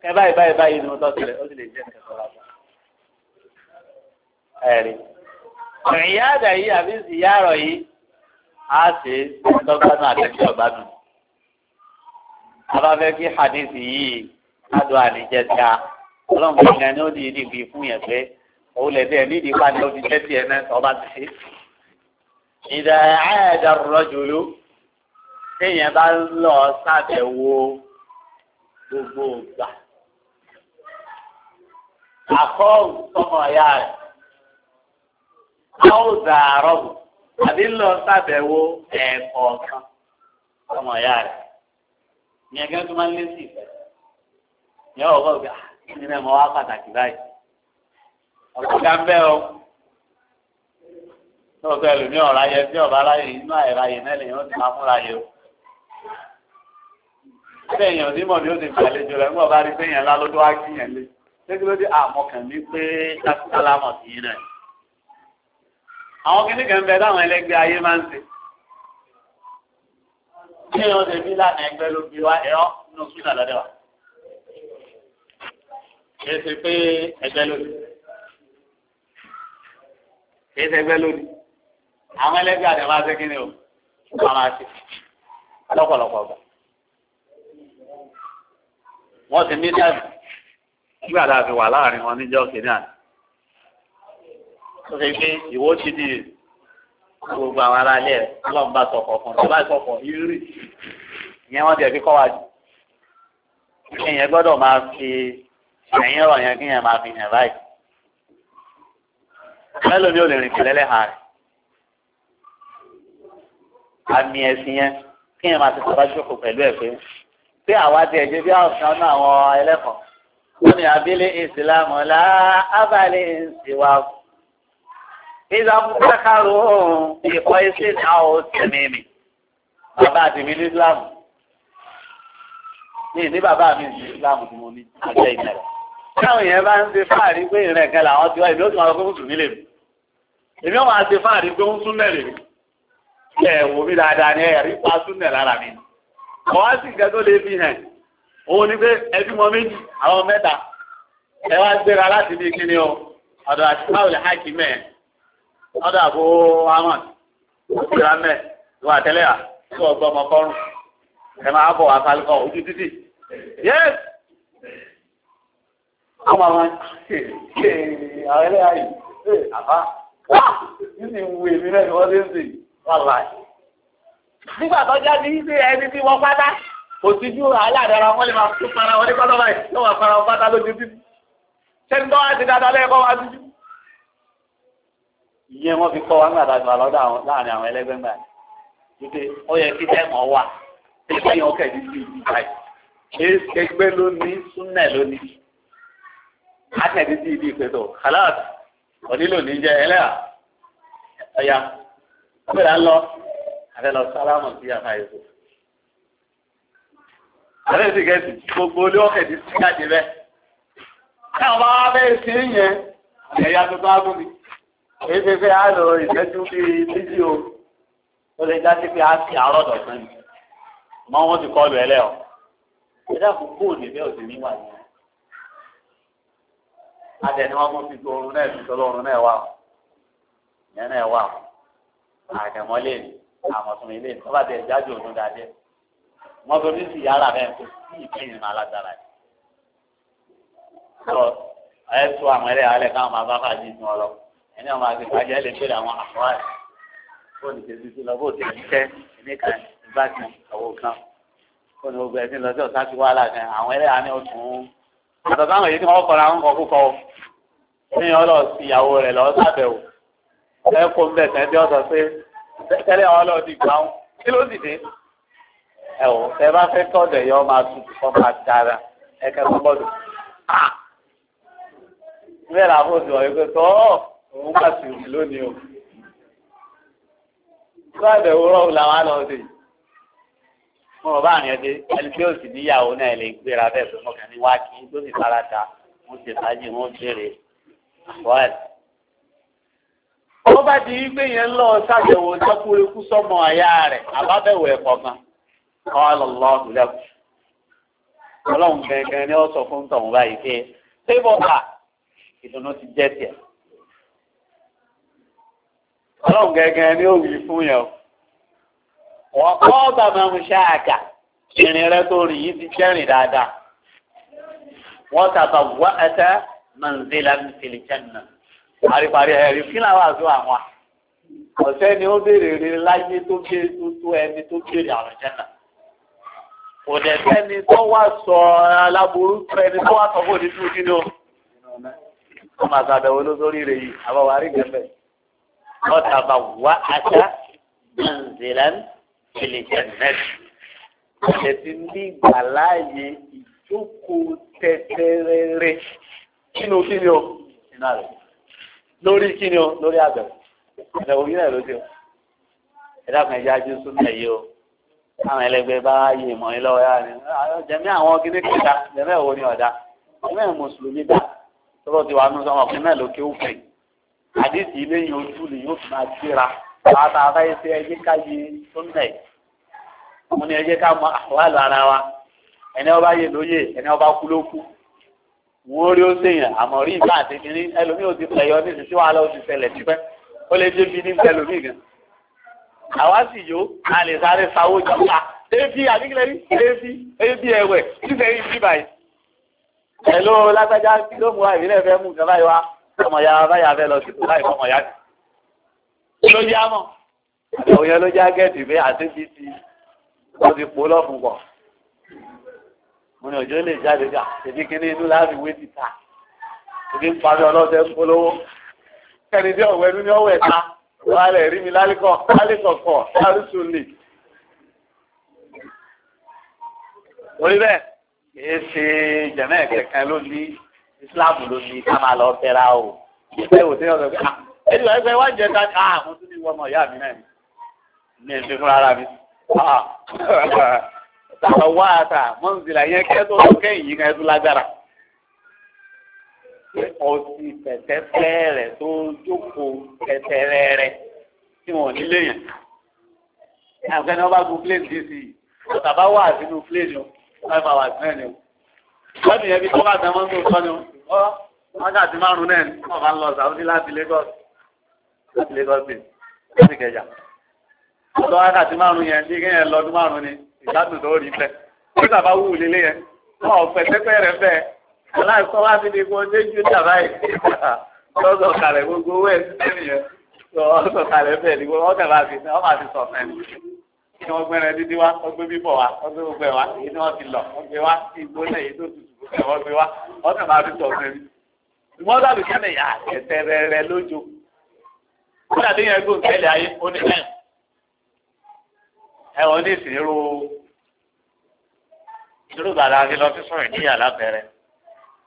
ẹ báyìí báyìí báyìí ni wọ́n tọ́ sílẹ̀ ó sì lè jẹ́ ìtẹ̀sọ́ra ẹ̀rí ìyáàdà yìí àbí ìyáàrọ̀ yìí á ṣe dọ́gbánú àtẹ̀kí ọ̀gbá mi abáfẹ́ kí hadith yìí adùn àníjẹ́ ti a ọlọ́run kìíní ni di ìdí ìbí fún yẹn pé òun lè dé ẹ̀ nídìí pàdé ó ti jẹ́ náà ọba ti ìdá àádá rọ́jòló téèyàn bá lọ ṣàbẹ̀wò gbogbo ìgbà àkọ́ọ̀rù sọmọ ọ̀yá rẹ̀ áwùzà àrọ́bù àbí lọ ṣàbẹ̀wò ẹ̀ẹ̀kọ̀ọ̀kan sọmọ ya rẹ̀ ní ẹgbẹ́ tó máa ń lé sí ìfẹ́ wá pàtàkì báyìí ọ̀gá náà fẹ́ lómi ọ̀rá yẹ bí ọ̀bá láyè inú àìrá yẹ náà lè yàn ti máa múra yẹ o. Ṣé èèyàn onímọ̀ ni ó ti gbàlejò rẹ̀ ńgbọ̀n bá rí pé èèyàn ńlá ló tó wá kí yẹn lé. Ṣé kí ló dé àmọ̀kàn mi pé sálámọ̀ sí yín rẹ̀? Àwọn kìíní kan bẹ táwọn ẹlẹgbẹ́ ayé máa ń ṣe. Ṣé èèyàn ṣe bí lànà ẹgbẹ́ ló gbé wá ẹ̀rọ nínú súnà lọ́dẹ̀ wa? Ṣé ṣe pé ẹgbẹ́ lónìí? àwọn ẹlẹ́gbẹ́ àdé máa ṣe ni o wọ́n máa ṣe lọ́pọ̀lọpọ̀ ọgbà wọ́n ti ní táìmù nígbà tá a fi wà láàrin wọn níjọ́ kìíní àná tó pé ìwọ ti di gbogbo àwọn aráalé rẹ ọlọ́run bá tó bá sọ irú ìyẹn wọ́n ti ẹ̀ fi kọ́ wa jù gbọ́dọ̀ máa fi ẹ̀yìn ọ̀rọ̀ yẹn kí yẹn máa àmì ẹ̀sìn yẹn kí ẹ̀ máa ti sọ̀rọ̀ ṣòkò pẹ̀lú ẹ̀ pé pé àwa ti ẹ̀jẹ̀ bí ọ̀sán náà àwọn ẹlẹ́kọ̀ọ́ wọ́n ní abílẹ̀ ìsìlámù lá abàlẹ̀ ìsìwà ìsàkùnkàkàrò ìkọ́ ìsìn àwọn tẹ̀mẹ̀mẹ̀ bàbá àti mi ní islam ní ní bàbá mi ní islam tí mo ní àjẹ́ ìmẹ̀rẹ̀ káwọn èèyàn bá ń ṣe fáàrí pé ìrìn ẹ̀kẹ́ làwọn ti wá ìlú òsùn àwọn pé mùsùlùmí lè mi èmi wọn máa ṣe fáàrí pé ń sún mi ẹ wò mí dáadáa ní ẹ̀rí pa súnẹ̀ lára mi kọ́ wá sí nǹkan tó lè fi hàn òun ni pé ẹbí mọ méjì àwọn mẹ́ta ẹ wá gbéra láti bí kíni o ọ̀dọ̀ àti báwòlì háìkì mẹ́ẹ̀ ọ̀dọ̀ àbò hamad ìgbéra mẹ́ẹ̀ ìwà àtẹ́lẹ́yà tí wọ́n gbọ́ ọmọ kọ́rùn ẹ máa bọ̀ wá kálíkọ̀ ojú títì yẹ́sì àwọn àwọn ẹlẹ́yà yìí àbá yìí sì wù èmi náà ni wọ́n ti ń wàlúwàlú. nígbà tó jáde ibi ẹni tí wọ́n pátá kò sí ju aláàdára wọn lè máa tún para wọn ní kọ́tọ́ báyìí yóò para wọn pátá lójú títí. sẹ́ni tó wá ti dáadáa lẹ́ẹ̀kọ́ wá dúdú. ìyẹn wọn fi kọ́ wa nígbà tá a gbà lọ́dọ̀ láàrin àwọn ẹlẹ́gbẹ́ ńgbà wípé ó yẹ kí tẹ́mọ̀ wà ẹgbẹ́ yẹn ọkẹ́ ní sí ibi báyìí ẹgbẹ́ lónìí súnẹ̀ lónìí á tẹ̀lé sí ìpẹ́tọ̀ pé à ń lọ àfẹ́ lọ sálámù sí àfa èso. àlẹ́ sì kẹ́sì gbogbo olú ọ̀kẹ́ ti sí jáde bẹ́ẹ̀. táwọn bá wá bẹ́ẹ̀ sí yẹn ẹ̀yà tó bá gùn mi. èyí ti fẹ́ á lọ ìtẹ́jú bíi méjì o ó lè já sí pé á sì àárọ̀ dọ̀tún ni mọ wọn ti kọlu ẹlẹ o ẹ̀dá kò kó ní bẹ́ẹ̀ òsì níwà ní. adẹni wọn mú fi tó orun náà fi tó náà wà ìyẹn náà wà àgàmọ́ lè ní àmọ̀tún ilé ní tọ́ba tẹ̀ jáde òun dáadé wọ́n tó ní sí yàrá rẹ̀ tó sí ìpínyìn máa lágbára yìí. sọ ẹ tó àwọn ẹlẹ́yà alẹ́ káwọn máa bá fàájì sùn ọ lọ ẹni àwọn àti fàájì ẹ lè bèrè àwọn àkọ́wà rẹ̀ kó ní tètè sí lọ bó ti ń tẹ́ ní kan ìgbà kan àwọn kan kó ní gbogbo ẹ̀sìn lọ́sẹ̀ ọ̀sán ti wá láàrin àwọn ẹlẹ́yà ní oṣù àtọ̀tọ̀ àwọn èyí tí wọ́n kọ́ra ń kọ́ kúkọ́ ó ní ọlọ́ọ̀ sí ìyàwó rẹ̀ lọ́ọ́ ẹ kó ń bẹ̀ tẹ́tí ọ̀sán pé tẹ́lẹ̀ àwọn ọlọ́ọ̀dì gbàùn kí ló dìde ẹ ò ẹ bá fẹ́ tọ́jú ẹ̀yọ́ máa tutù kọ́ máa dára ẹ kẹ́kọ̀ọ́ gbọ́dọ̀ bẹ́ẹ̀ làbó ti wọ̀ yìí pé tọ́ òun bá sì rìn lónìí o sọ́ọ̀dẹ̀ òwúrọ̀ làwọn àlọ́ ọ̀dẹ̀ yìí mo rọ̀ bá àrùn yẹn dé ẹni tí ó sì níyàwó náà lè gbéra bẹ́ẹ̀ pé mo kàn ní wá kí n tó sì fara ta mo sì fàájì mo béèrè àwọn ẹ̀ wọ́n bá di wípé yẹn lọ ṣàbẹ̀wò sọ́kúrekú sọ́mọ àyà rẹ̀ àbábẹ̀wò ẹ̀kọ́ kan ọlọ́lọ́ ìlẹ́kùn ọlọ́run gẹ̀ẹ́gẹ́ ni ó sọ fún tọ̀hún báyìí pé tébọ̀ à ìdùnnú ti jẹ́ tiẹ̀ ọlọ́run gẹ̀ẹ́gẹ́ ni ó wí fún yẹn o wọ́n kọ́ bàbá mu ṣáàkà ìrìn rẹ tó rìn yìí ti jẹ́rìn dáadáa wọ́n tàbá wá ẹsẹ̀ mọ̀nzílá ń tìlì jẹ́ náà paríparí ẹ̀rí kí làwọn àdúrà àwọn ọ̀sẹ́ ni ó béèrè rere láyé tó gbé tó tó ẹni tó béèrè àrùn jẹ́nà òdẹ̀sẹ́ni tó wá sọ aláboru ẹni tó wá sọ fún òdìdú nínú ó máa sàbẹ̀wò lórí rẹ̀ yìí àbáwá rí gẹ̀mẹ̀ lọ́tà bá wá àṣà ǹzẹ̀lẹ́n ìlẹ̀jẹ̀nẹ́tì ẹ̀sì ní ìgbàláàyè ìjókòó tẹ́tẹ́rẹ́rẹ́ kí ni ó nínú àrẹ̀ lórí kíni o lórí àbẹ̀wò ẹ̀dá orí náà ló dé o ẹ̀dá kan ẹ̀jẹ̀ ajú súnmọ́ ẹ̀yẹ o àwọn ẹlẹgbẹ́ bá yè mọ́ ẹ lọ́wọ́ yára ni jẹ̀mí àwọn kíní kìta jẹ̀mí ẹ̀wò ni ọ̀dà jẹ̀mí ẹ̀ mùsùlùmí dá tọ́lọ́ ti wà nù sọ́mọ́ ọ̀kùnrin náà ló ké òkè àdìsí ilé yìí ojú lè yóò fi máa tíra bàtà abáyé sí ẹjẹ ká yé súnmọ́ ẹ̀ mo ní ẹjẹ ká mọ àwọn àlọ́ ara wa ẹni ọba yè lóye ẹni ọba kú ló kú wọ́n rí ó sèyàn àmọ́ rí ìgbà àti kiri ẹlòmíì ò ti pẹ̀yọ ní ìsìn tí wàhálà ó ti ṣẹlẹ̀ tipẹ́ ó lè débi ní ẹlòmíì gan. àwa sì yó a lè sáré sáwó jọba ebi àbíkílẹ̀ rí ebi ebi ẹ̀wẹ̀ sísẹ̀ yìí bí báyìí. pẹ̀lú lágbájá kí ló mú wa ìbílẹ̀ fẹ́ mú nǹkan báyìí wá ọmọ ya báyà fẹ́ lọ sípò láì fọmọ ya. ló yá mọ̀ àtàwọn yẹn ló já gẹ̀ẹ́tì pé àti bíi ti wọ́n mo ní ọjọ́ lè jáde jà èdè kíní inú láàrin ìwé ti ta èdè ń parí ọlọ́sẹ̀ ń polówó kẹ́ni tí ọ̀wẹ́ ní ọ̀wẹ́ ta wà lẹ̀ rí mi lálẹ́kọ̀ lálẹ́kọ̀kọ̀ lárúsù nì. orí bẹ́ẹ̀ kìí ṣe jẹ̀mẹ́ kẹ̀kẹ́ ló ní Islam ló ní ká máa lọ tẹ́ra o ìfẹ́ ò sí ọ̀sẹ̀ ká ẹni wàá gbé wá jẹ ká ah mo ní wọ́n mọ̀ ìyá mi náà ní ẹ̀ṣẹ̀ tàbá wá àtà mọ́nsìlá yẹn kẹ́tọ́ kẹ́yìn yìí kan ẹ̀ tún lágbára. ọtí tẹ̀tẹ̀fẹ́ rẹ̀ tó jókòó tẹ̀tẹ̀rẹ̀ rẹ̀ tí wọ́n nílé yẹn. àgbẹ̀ni ọba gun plane dc tàbá wá àtinú plane o five hours náà ni o. lọ́dún yẹn bí tọ́ba àti ọmọ ń tó sọ́ni o wákàtí márùn-ún náà ni wọ́n máa ń lọ sàwọ́dí láti Lagos láti Lagos state láti kẹjà. ọ̀dọ́ wákàtí márùn-ún yẹn bí kéèyàn lọ́dún márùn-ún ni ìgbádùn tó rí bẹ́ẹ̀ kí bàbá wù lélẹ̀ yẹn wọn ò fẹ́ pẹ́pẹ́ rẹ̀ bẹ́ẹ̀ aláìsọ wá sí ni kò dé dàbá yìí lọ́sọ̀ kalẹ̀ gbogbo owó ẹ̀ sílẹ̀ yẹn lọ́sọ̀ kalẹ̀ bẹ́ẹ̀ ni wọ́n kàlá sí ni wọ́n máa ti sọ̀fẹ́ ni kí wọ́n gbẹ́rẹ́ dídí wá wọ́n gbé bíbọ̀ wá wọ́n gbé gbogbo ẹ̀ wá èyí ni wọ́n ti lọ wọ́n gbé wá sí náà èyí tó tutù gbogbo ẹ̀ wọ́n gbé wá wọ́n kàn máa ni wọ́n dàbí sẹ́niyà ẹ̀tẹ̀rẹ̀rẹ̀ lójó kó dàbí yẹn gbòǹkẹ́lẹ̀ ayé ó ẹ̀wọ̀n ní ìsìn irú irú bàrà àti lọ sí sọ̀rọ̀ níyà lábẹ́rẹ́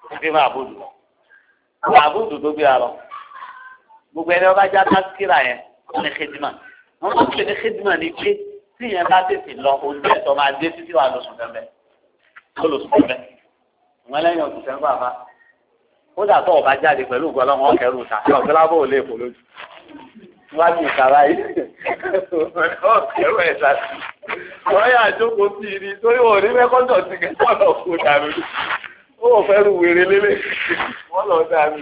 títí máa bòdù máa bòdù tó gbé arọ gbogbo ẹni ọba já tákìrà yẹn ní kédìmà wọn bá pè ní kédìmà ní pé tí yẹn bá tètè lọ ojú ẹ̀tọ́ máa dé títí wà lóṣù fẹ́fẹ́ lóṣù fẹ́fẹ́ wọn lẹ́yìn oṣù fẹ́fẹ́ àbá kódà tó ọba jáde pẹ̀lú ìgbọ́lọ́wọ́n kẹrù ta ọ̀gbẹ́lábọ̀ ò lè kó wájú ìkàrà yìí. ẹ̀rọ ẹ̀sà sí. lọ́ọ̀yà àjókòó sí ibi tó yóò rí mẹ́kọ́ńtọ̀ sí kẹ́kọ̀ọ́ lọ kó dànù. ó wò fẹ́rù wèrè lélẹ̀ wọ́n lọ dànù.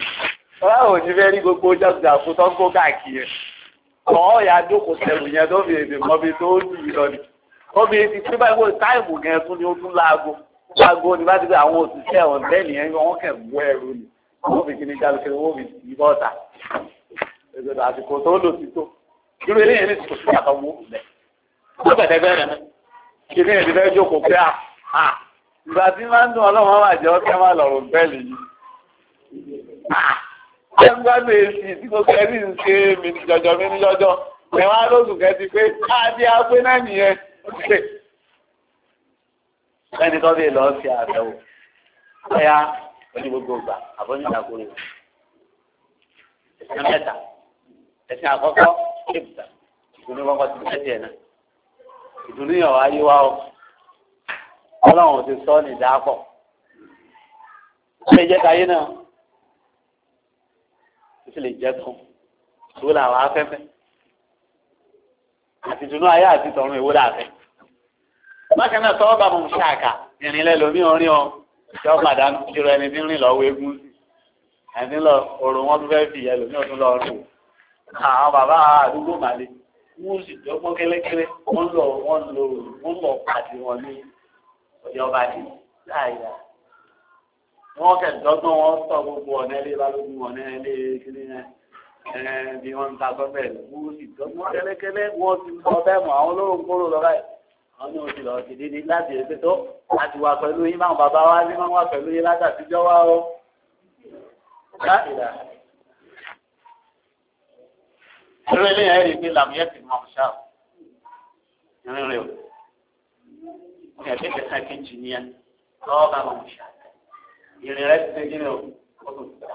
ò ní fẹ́ rí gbogbo jàgùdà fún tó ń kó káàkiri. ọ̀ọ́ ya àjókòó sẹ̀rù yẹn tó fi èdè mọ́bi tó ó dùn lọ ni. ó ti pé báyìí wọ́n táìmù gan tún ni ó tún láago. láago ni bá ti pé àwọn òṣìṣẹ́ ọ̀ńtẹ́ẹ̀lì ìgbésẹ̀ àsìkò tó lò sí tó irú eléyìí ní ti kò sí àtọwọ́ lẹ̀ ó bẹ̀rẹ̀ bẹ̀rẹ̀ mẹ́ kí ní ẹ̀dí bẹ́ẹ̀ jókòó pé à ah, à ah, ìgbà tí máa ń dùn ọlọ́run máa jẹ́ ọ́kẹ́ máa lọ̀rùn bẹ́ẹ̀lì yìí ẹ ah, ń gbádùn èsì tí kò kẹ́ ní ṣe mí ní jọjọ mí ní jọjọ ẹ wá lóṣù kẹ́ ti pé káàdì apé náà nìyẹn ẹni tó bèè lọ sí àtẹwò ọ̀ya onígbogbo gbà àbọ̀nyìnà kúrò ẹ̀mẹ́ta ẹ̀sìn àkọ́kọ́ ìbùdá ìdùnnú kọ́kọ́ ti tẹ́tì ẹ̀ náà ìdùnnú yàn wá yí wá o ọlọ́run ti sọ ní ìdáàpọ̀ ṣé jẹ́ káyé náà ó sì lè jẹ́ tán ìwé làwọn afẹ́fẹ́ àti ìdùnnú ayé àti tọ̀run ìwé làfẹ́ bákan náà tọ́wọ́ bá mọ̀ ṣáàkà ìrìn lẹ́lòmí orin ọ tí ó pàdánù jùlọ ẹni tí ń rìn lọ́wọ́ eégún ẹni lọ òrùn wọn tún fẹ́ fi ẹlòmí ọdún lọ rùn àwọn bàbá àdúgbò màlẹ wọn sì dọ́gbọ́n kẹ́lẹ́kẹ́lẹ́ wọn lọ wọn lọ wọn lọ pàdé wọn ní ìjọba ní láàyè wọn kẹ dọ́gbọ́n wọn sọ gbogbo ọ̀nà ilé balógun ọ̀nà ilé kíní yẹn bí wọn ń ta sọfẹ wọn sì dọ́gbọ́n kẹ́lẹ́kẹ́lẹ́ wọn ti lọ bẹ́ẹ̀ mọ àwọn olóhùn kóró lọ báyìí wọn ní oṣù lọ dídí láti ẹgbẹ́ tó láti wà pẹ̀lú yín máa bàbá wa ní máa wà pẹ̀lú yín látàtijọ́ wa o ẹ̀rọ eléyà ẹ̀rí pé làmúyẹ́ ti mọ̀ ṣá o ìrìn rẹ̀ o ní ẹ̀fẹ́ kẹta kejì ní ẹ lọ́wọ́ bá mọ̀ ṣá ìrìn rẹ̀ ti tẹ́jú rẹ̀ o ó tó ti tà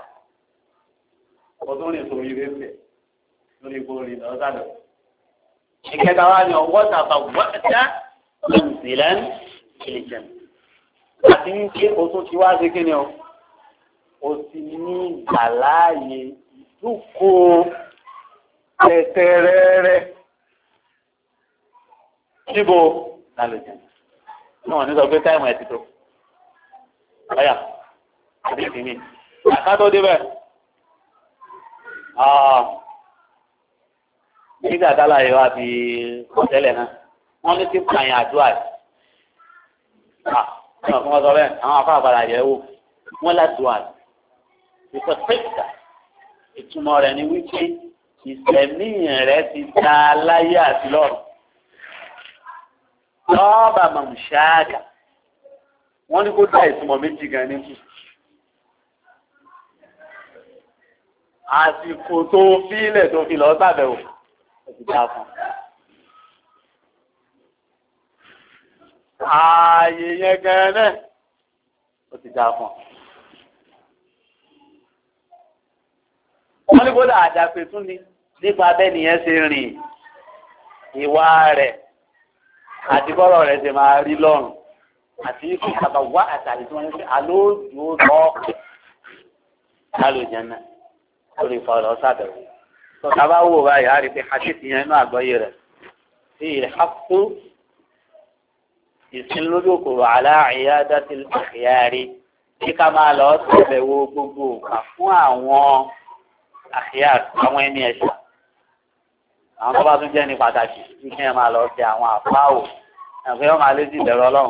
ó tó rìn sórí ilé fẹ̀ lórí ipò rìn lọ́wọ́ sálọ. ìkẹta wa ni ọwọ́ tàbá wọ́ọ̀tá ìsìlẹ̀ ìlìjẹ̀m àti ní kí o tún ti wá sí kí ni o o sì ní ìgbàláàyè ìdúkòó tẹ̀tẹ̀rẹ́rẹ́ níbo lálejò ní wọn ní sọ pé táìmù ẹ̀ ti tó ọ̀yà àbí ìsinmi àká tó débẹ̀ nígbà tálà yìí wá fi ọ̀tẹ́lẹ̀ náà wọ́n ní tí pààyàn àdúrà yìí wọ́n fún wọn sọ bẹ́ẹ̀ àwọn afá àbàlà yẹ̀ wò wọ́n ládùúrà yìí ìfọ̀sẹ́kìtà ìtumọ̀ rẹ̀ ni wípé ìsẹ̀mí rẹ̀ ti ta láyé àti lọ́rùn. Lọ́ọ̀bà Màmúṣáàgà, wọ́n ní kó dá ìtumọ̀ méjì gan níbi. Àsìkò tó fílẹ̀ tó fi lọ sàbẹ̀wò, ó ti dá fún. Ààyè yẹn gan náà, ó ti dá fún. Wọ́n ní kó dá àdàpè tún ni nípa bẹ́ẹ̀ nìyẹn ṣe rìn ìwà rẹ̀ àti bọ́rọ̀ rẹ̀ ṣe máa rí lọ́rùn àti ikú àbàwá àtàlẹ́ tí wọ́n ń pè alóòjò lọ́ lálùjẹ́ náà lórí ìfọ̀ ọ̀rọ̀ sábẹ̀wò. Sọ̀tà bá wò báyìí, a rí pé Hashif yẹn inú àgbọ́yé rẹ̀ sí ìrẹ́hàkú ìsin lórí òkòrò aláàyè dátì àkíyárí kí ká máa lọ sọ̀bẹ̀wò gbogbo òkà fún àwọn àkíyárí àwọn ẹni ẹ̀ṣọ́ àwọn tó bá tún jẹ́ ní pàtàkì kí máa lọ jẹ àwọn àfáwò ẹ̀fẹ́ wọn máa lé sí ìbẹ̀rù ọlọ́run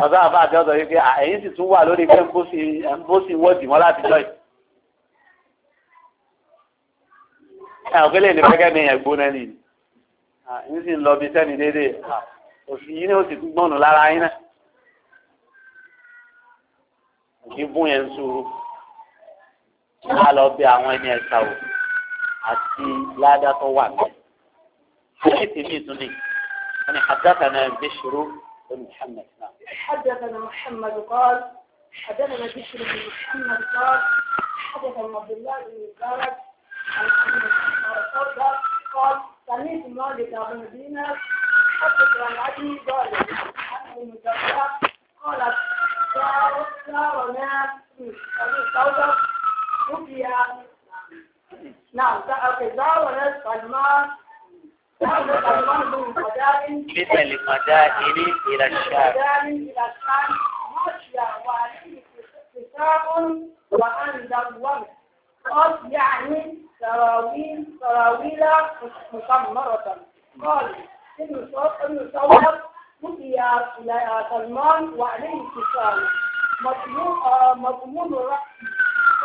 ọ̀sán àfa àti ọ̀sán yìí ẹ̀yìn sì tún wà lórí pé ń bó sí wọ́ọ̀dì mọ́ láti jọ́ yìí. ẹ̀ ọ̀pẹ́ ní pẹ́kẹ́ mi yẹn gbóná nìyí ń sì ń lọ bí sẹ́ni dédé òsì yìí ni ó sì tún gbọ́nù lára yín náà. òkè bún yẹn ń sùúrù. wọ́n lọ bí àwọn ẹni ẹ̀ṣà àti ládàá tó wà bẹ́ẹ̀. حديث ميزني أنا حدثنا بشر بن محمد نعم حدثنا محمد قال حدثنا بشر بن محمد قال حدث عبد الله بن مبارك عن ابي مسعود قال سمعت مالك بن دينار حدث عن عدي قال عن مجرد قالت صار صار ناس ابي نعم الغذاء ورزق الماء مثل مدائن إلى الشام مشي وعليه كتاب وعند الوقت قال يعني سراويل سراويل مخمرة قال ابن صوت مثل إلى وعليه كتاب مضمون آه، مضمون رقم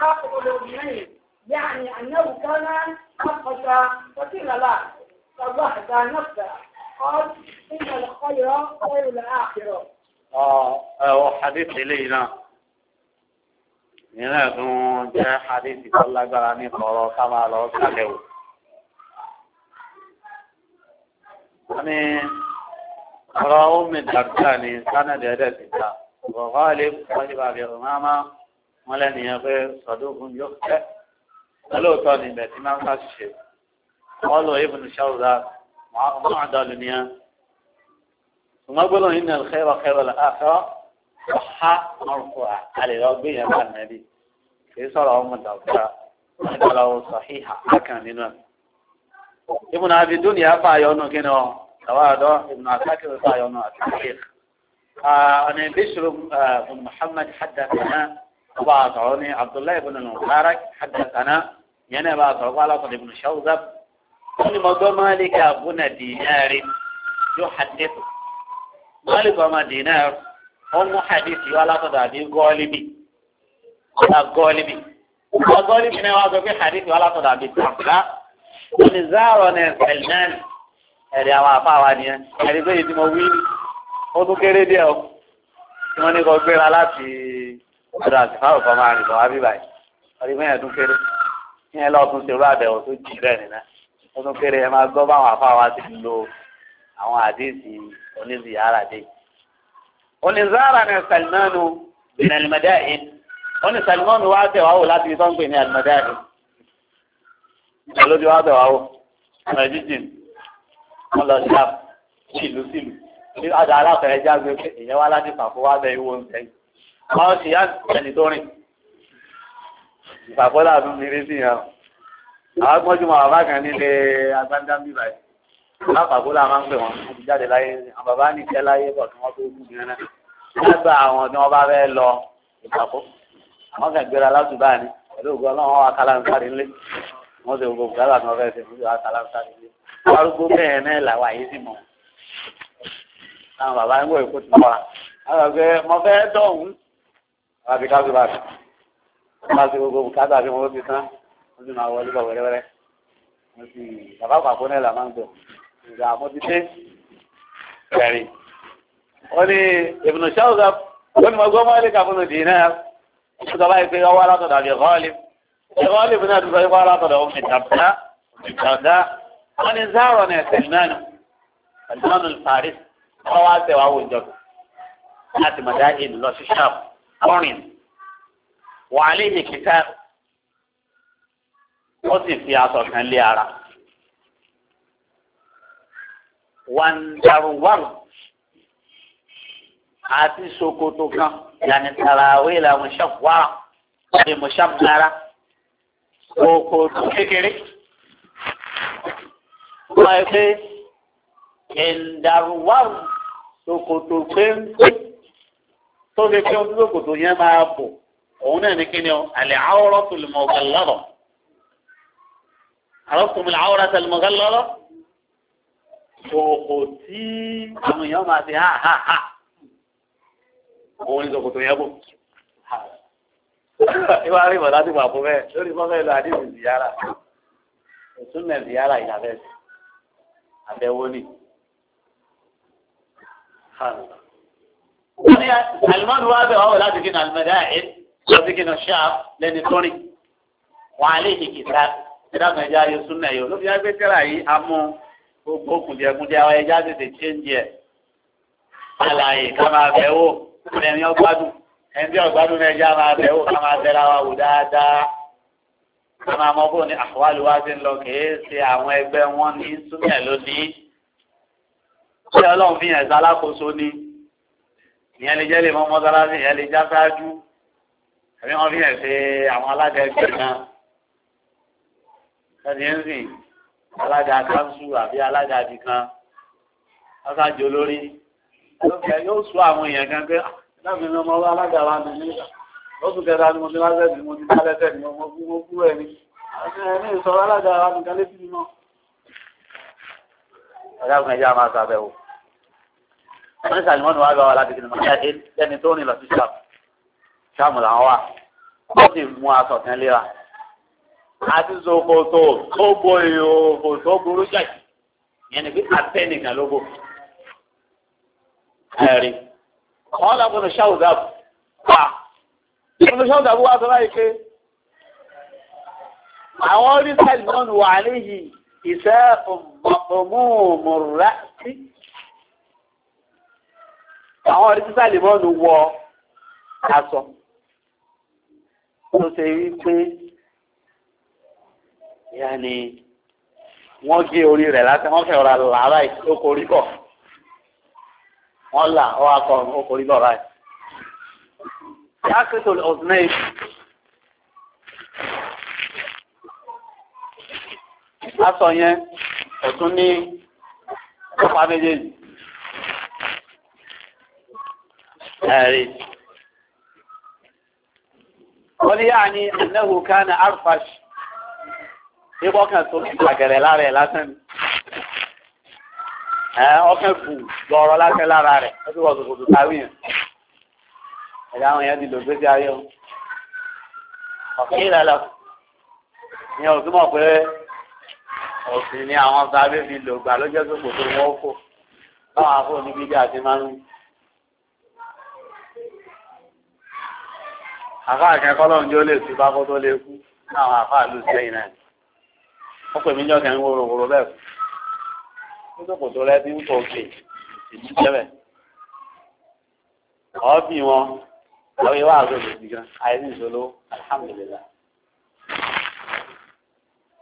رقم الأذنين يعني أنه كان نقص فقيل لا فضحك نفسه قال إن الخير خير الآخرة آه وحديث إلينا nínú ẹ̀dùn jẹ́ hadithi tó lágbára ní ọ̀rọ̀ ká lọ sálẹ̀wò. wọ́n ní omi dàgbà ní sánàdì ẹ̀dẹ̀ síta ọ̀rọ̀ ọ̀lẹ́ pàṣípàbí ọ̀rọ̀ máa máa wọ́n lẹ́nu yẹn pé sọ̀dọ̀kùn yóò fẹ́. قالوا ثاني بيت امام خاص شيء قالوا ابن شوزا ما ما عدلني ثم قالوا ان الخير خير الاخره صح مرفوع علي ربي يا النبي في صلاة أم الدوكرة صلاة صحيحة حكم هنا ابن عبد الدنيا فايونو كنو سواء ابن عساكر فايونو التاريخ آه أنا بشر بن محمد حدثنا أبا أطعوني عبد الله بن المبارك حدثنا يعني أبا أطعوني على طول بن شوذب قال موضوع مالك أبونا دينار يحدث مالك وما دينار هم حديث ولا تدعي غالبي ولا غالبي وغالبي نوازه في حديث ولا تدعي تحقا ونزارنا سلمان ẹ̀rí àwọn àfáwà ni ẹ ẹ̀rí pé ìdí mo wí ó tún kéré díẹ̀ o tí wọ́n ní kó gbéra láti ọdọ àtìmáwò kan máa rìn bọ̀ wá bíbá yìí ọdún mẹ́rin tún kéré ní ẹ lọ́ọ́ tún ṣe irú àbẹ̀wò tó jì bẹ́ẹ̀ nìyẹn ó tún kéré ẹ máa gbọ́ báwọn afáwa ti lo àwọn àdéhìsì onízìyàrá dé. onízàrà ni sàlmánu bin al-Madain oní sàlmánu wá tẹ̀ wá wò láti ibi tó ń pè ní al-Madain olójú wá tẹ̀ wá wò ọ̀rẹ́ jíjìn wọn lọ sí àpò sílùú sílùú àdá aláfẹ̀ẹ́ jágbe ìyẹn wá láti pàfó wá bẹ ìwọ ń sẹ́yìn máa ṣì yá ẹni tó rìn ìfàkọ́lá tún mi rí sí yẹn àwọn gbọ́njú mọ bàbá kan nílé agbáńdá ń bí báyìí láfàkọ́lá máa ń pè wọ́n wọ́n ti jáde láyé àwọn bàbá ní iṣẹ́ láyé bọ̀ kí wọ́n tó kú yẹn náà nígbà àwọn tí wọ́n bá fẹ́ lọ ìfàkọ́ àwọn kan ni pẹ̀lú ògùn ọlọ́run wa kálá ń sáré nílé wọ́n ti gbogbo gbàgbà tí wọ́n fẹ́ ṣe fúdù wa kálá ń sáré nílé arúgbó bẹ́ẹ̀ náà làwọn àyè sì mọ̀ àwọn bàbá ń gbọ́ èkó ti mọ́ra àwọn àgbẹ̀ mọ fẹ́ dọ̀hún àwọn àti káàsì bá káàsì gbogbo bùkátà àti wọn ti tán wọn sì máa wọlé bọ̀ wẹ́rẹ́wẹ́rẹ́ wọn sì bàbá pàpọ̀ náà là máa ń gbọ̀ ìgbà àmójúté kẹrin wọn ni ìbùnú sáwùsà wọn ni mo gbọ́ mọ́lẹ́ kàfọ́nù dì náà wọn sọ báyìí pé ọwọ́ alátọ̀dọ̀ àbí ọ̀ọ́lì ọ̀ọ́lì fún náà tó sọ pé ọwọ́ alátọ̀dọ̀ ọ̀hún ìtàbùdá ìtàbùdá wọn ni záàrọ̀ náà sẹ̀lìmánù sẹ̀lìmánù fàrí ọwọ́ àtẹ̀wá wò láti mọ̀dá ìlú lọ sí sáàpù ọrìn wàhálà ìdìkítà ó sì fi aṣọ kan lé ara wàǹdàrúwàrù àti ṣòkòtò kan yàní tàràwé làwọn ṣàwárà àti mọṣàmùnára ṣòkòtò kékeré wọ́n ẹ pé ẹ̀ǹdàrúwàrù ṣòkòtò péńpé tó ṣe pé ojú kòtò yẹn máa bò òun náà ní kíni o àlẹ́ àwòrán tó lè mọ̀ ọ̀gá lọ́rọ̀ àlọ́kùnrin àwòrán tó lè mọ̀ ọ̀gá lọ́rọ̀ kòkò tí àwọn èèyàn máa ti ha ha ha òun ní kòkòtò yẹn bò ìwà rí ìbọ̀dá ti wà fún bẹ́ẹ̀ lórí fọ́fẹ́ lọ àdéhùn ìyára ìtúnmẹ̀ ìyára ìyàbẹ̀ àbẹ̀wò ni yẹn alimọ́nù wa bẹ̀ ọ́ láti kí ni alimọ́dá yẹn láti kí ni ṣáà lẹ́ni tó rìn wọ́n alẹ́ yìí kìtà ẹ̀dá kan ẹja ayé súnà yìí olóbi agbé tẹ́lá yìí amú gbogbo kùdìẹ̀kùdìẹ̀ àwọn ẹja tètè chéńjì ẹ̀ alàyè ká máa bẹ̀ wò ẹni ọgbádùn ẹni ọgbádùn náà ẹja máa bẹ̀ wò ká wa wò dáadáa ká máa mọ bóun ní wa ti ń lọ kìí ṣe àwọn ẹgbẹ́ wọn ní súnà lónìí ṣé fi hàn ẹ̀sán alákòóso ní ìyẹn lè jẹ́ lè mọ́ mọ́sálásí ìyẹn lè já sáájú àbí wọ́n fi hàn pé àwọn alága ẹgbẹ́ náà ẹni ń sìn alága kanṣu àbí alága àdìkan ọ̀sájú olórí yóò sọ àwọn èèyàn kan pé láti ah, ní ọmọ alága wa nù nígbà lọ́sù kẹta ni mo ti lásẹ̀ ni mo ti lásẹ̀ ni mo kú mo kú ẹni ẹni ìsọ̀rọ̀ alága wa nìkan létí mi náà. ọ̀gá kan yá máa ṣàbẹ̀wò wọ́n ṣàlì wọ́n ní wọ́n bá wà láti kí ni wọ́n ṣe ẹni tó rìn lọ sí ṣáàmù ṣáàmù làwọn wà wọ́n sì mú aṣọ kan léra àti ṣòkòtò tó bo ìhòòhò tó burú jàjì yẹn ni pé àtẹnìkan ló bò ẹ̀rí wọ́n lábọ̀nù ṣáwùdàbù wà ìbùnú ṣáwùdàbù wà tó láyé pé àwọn orí sàlì wọ́n wà níyì ìṣẹ́ ọ̀mọ̀mọ̀rẹ́ sí àwọn ọ̀rẹ́ títà lè mọ́nu wọ aṣọ tó ṣe rí pé yàní wọ́n gé orí rẹ̀ láti wọ́n fẹ́ ọ̀rọ̀ làárá ìkókòrí bọ̀ wọ́n là ọ́ akọ okòrí bọ̀ báyìí. Yàtọ̀ ọ̀sán yìí. Aṣọ yẹn ọ̀tún ní ọ̀pá méjèèjì. ẹ̀rí. wọ́n ní yáà ní ẹ̀nẹ́hù kánà arfash ibọ́ kan tó ní àgẹ̀rẹ̀ lára ẹ̀ lásán ni ẹ̀ ọkàn kù lọ́rọ̀ lásán lára rẹ̀ ó sì wọ́n sòkòtò táwí yẹn ẹ̀dá àwọn èèyàn ti lò gbé sí ayé o ọ̀kẹ́ ìlàlọ́ ìyẹn ò túmọ̀ pé òsì ni àwọn sábẹ́ fi lò gbà ló jẹ́ sòkòtò wọ́n fò báwọn afọ oníbíjà ti máa ń àfa àkẹ́kọ̀ọ́ lọ́run jẹ́ lè fi bákọ́ tó lè kú láwọn àfa àlù sẹ́yìn náà ó pè mí jọ́kẹ́ ń wòròwòrò bẹ́ẹ̀ kú ó tó kò tó rẹ́ bí ń fò òkè ìlú jẹ́bẹ̀ ọ́ bí wọn lọ́wọ́ ìwà àgọ́ ìlú gan àìsí ìṣòro alhamdulilá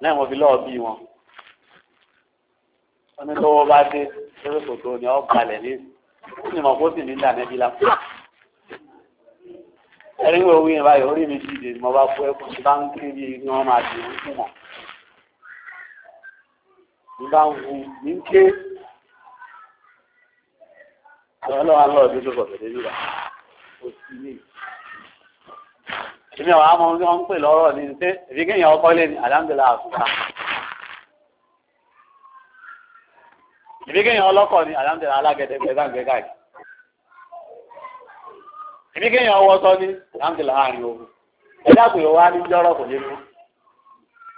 náà mo fi lọ́ọ́ bí wọn ó ní lọ́wọ́ bá dé lórí kòtò ni ọ́ balẹ̀ ní ó ní mọ̀ kó sì ní ìlànà ìbílá fún ẹ̀rí wo wí ìbáyìí orí mi ti dè mo bá fún ẹkùn tí bá ń kí bí ni wọ́n máa dì í fún wọn. Ní bá ń wu ní ń ké. Àwọn ọlọ́wà ń lọ ọdún tó kọ̀ọ̀tẹ̀ débi wà. Èmi àwọn amọ̀ tí wọ́n ń pè lọ́rọ̀ ní ṣé èmi kéèyàn ọkọ lé ní àdámbìlà àfúrà. Èmi kéèyàn ọlọ́kọ̀ ní àdámbìlà alágẹ̀dẹ̀gbẹ̀ bá káàkiri ibi kéèyàn ọwọ́ sọ ní láǹtì láàrin ogun ẹ̀dá kò wá ní jọ́rọ̀ kò lè mú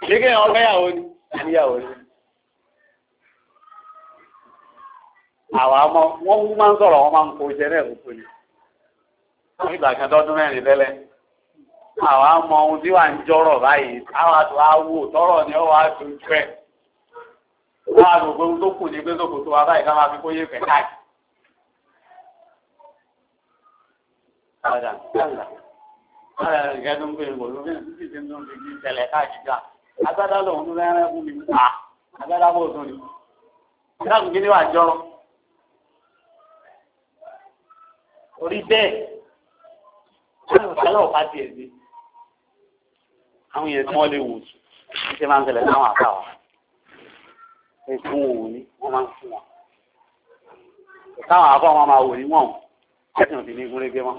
ibi kéèyàn ọgbẹ́yàwó ní àníyàwó ní. àwọn ọmọ wọn wú máa ń sọ̀rọ̀ wọn máa ń kó jẹ náà kókó ni wọn ìgbà kan tọdún mẹ́rin tẹ́lẹ̀ àwọn ọmọ ohun tí wà ń jọrọ báyìí àwọn àti àwò tọrọ ni ó wà á tún wọn àgbègbè ohun tó kù ní gbèsòkòtò wa báyìí ká fi kó yé fẹ káàkiri. padà kálà ẹ̀ẹ́dẹ́gbẹ̀rún pé ìwòlú náà ti ti ń fi ìṣẹ̀lẹ̀ káàkiri à agbádá lòun ń rẹ́rẹ́ fún mi à agbádá bò tún ni ìdáàbò kí ni wàá jọ orí bẹ́ẹ̀ ọ̀sálẹ̀ ọ̀pá tiẹ̀ sí àwọn yẹn tí wọ́n lè wò sùn ní ṣe máa ń tẹ̀lé sáwọn àká wa ẹ̀sùn òwò ni wọ́n máa ń fún wọn táwọn àbọ̀ wọn máa wò ní wọ́n ẹ̀sùn òfin ní gúnrégé wọn.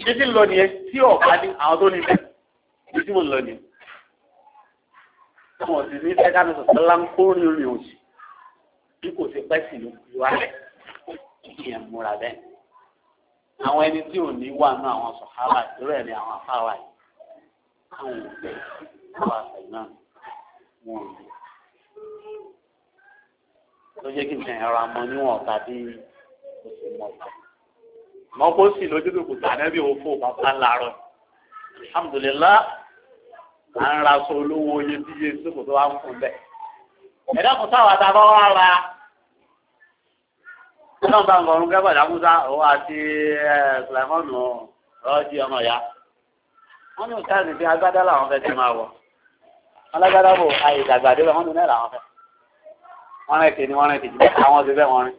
ibi tí ń lọ nìyẹn tí ọ̀pá ní àwọn tó ní bẹ́ẹ̀ ibi tí mo ń lọ nìyẹn. wọn ò sì ní fẹ́ ká ní sọ̀tọ́ láńkórìn rìn òsì bí kò sí pẹ́sì ló fi wá rẹ̀ ìyẹn múra bẹ́ẹ̀. àwọn ẹni tí ò ní wà ní àwọn sọ̀hálà ìrẹ́ ni àwọn afáwà yìí káwọn ò bẹ̀ náà wọn ò lè. jẹ́ kí n tẹ̀yìn ara mọ níwọ̀n ọ̀tá bí kò sí mọ̀ mọ́kó sì lójú tó kù tànẹ́bí òfò bàbá làárọ̀ alhamdulilá à ń ra aṣọ olówó oye tí iye sókò tó wà ń fún bẹ́ẹ̀. ẹ̀dá kò sáwà tá a bá wá ra náà bá ń gbọ̀rún gẹ́gbà dákúta òun àti sulaimanu rọ́ọ̀jì ọmọ ìyá. wọ́n ní òkè àgbẹ̀fẹ́ agbádá làwọn fẹ́ ti máa wọ̀ alágbádá bò àyè ìdàgbàdé wọn ní náírà wọn fẹ́. wọ́n rìn kìíní wọ́n rìn kìíní àwọn ti fẹ́ wọ́n rìn.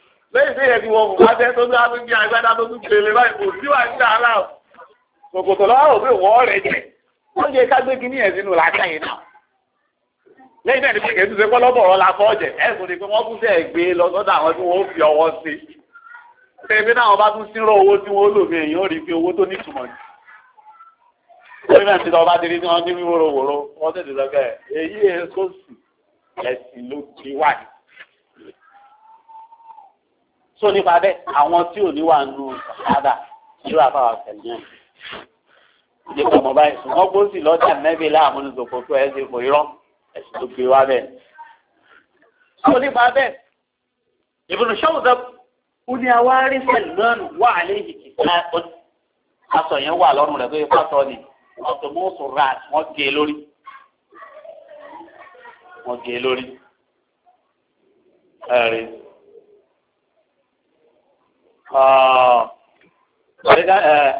lẹ́yìn tí yẹn ti wọ bùbá tẹ́ tó dá tó gbé agbádá tó tún gbélé báyìí kò sí wàá gbà ara o kòkòtò lọ́wọ́ òfin wọ́ rẹ̀ jẹ́ wọ́n yẹ ká gbé kínní ẹ̀ sínú làákà yìí náà lẹ́yìn náà ni pé kẹ́tù ṣe pọ́ lọ́bọ̀ ọ̀rọ̀ la fọ́ jẹ ẹ̀sùn ni pé wọ́n kú sẹ́ẹ̀ gbé lọ sọ́dọ̀ àwọn tí wọ́n fi ọwọ́ sí pẹ̀lú náà wọ́n bá tún sínú owó tí wọ́n lò mí èèyàn rí pé owó tó nítumọ̀ ni lórí náà ti lọ bá dirí tí wọ́n ní wíwòrò wòrò wọ́n tètè sọ pé èyí èso sì ẹ̀sìn ló ti wà ní tó nípa bẹ́ẹ̀ àwọn tí ò ní wà nù sàkádà irú àfàwà tẹ̀lé náà nípa ọmọ báyìí ṣùgbọ́n gbósì lọ́jà nẹ́bí láàmúni zòkòtò ẹ̀ ṣe kò irọ́ ẹ̀sìn tó gbé wá bẹ́ẹ̀. tó nípa bẹ́ẹ̀ ìbùnú ṣọ́wọ́dọ̀ ó ní awárí sẹ̀lmọ́n wà léyìí kìkà aṣọ yẹn wà lọ́rùn rẹ̀ bóyá pátọ́ ni wọ́n tó mú sùn ra wọ́n gé e lórí. wọ́n gé e lórí. ẹ̀rí. Ah, eh,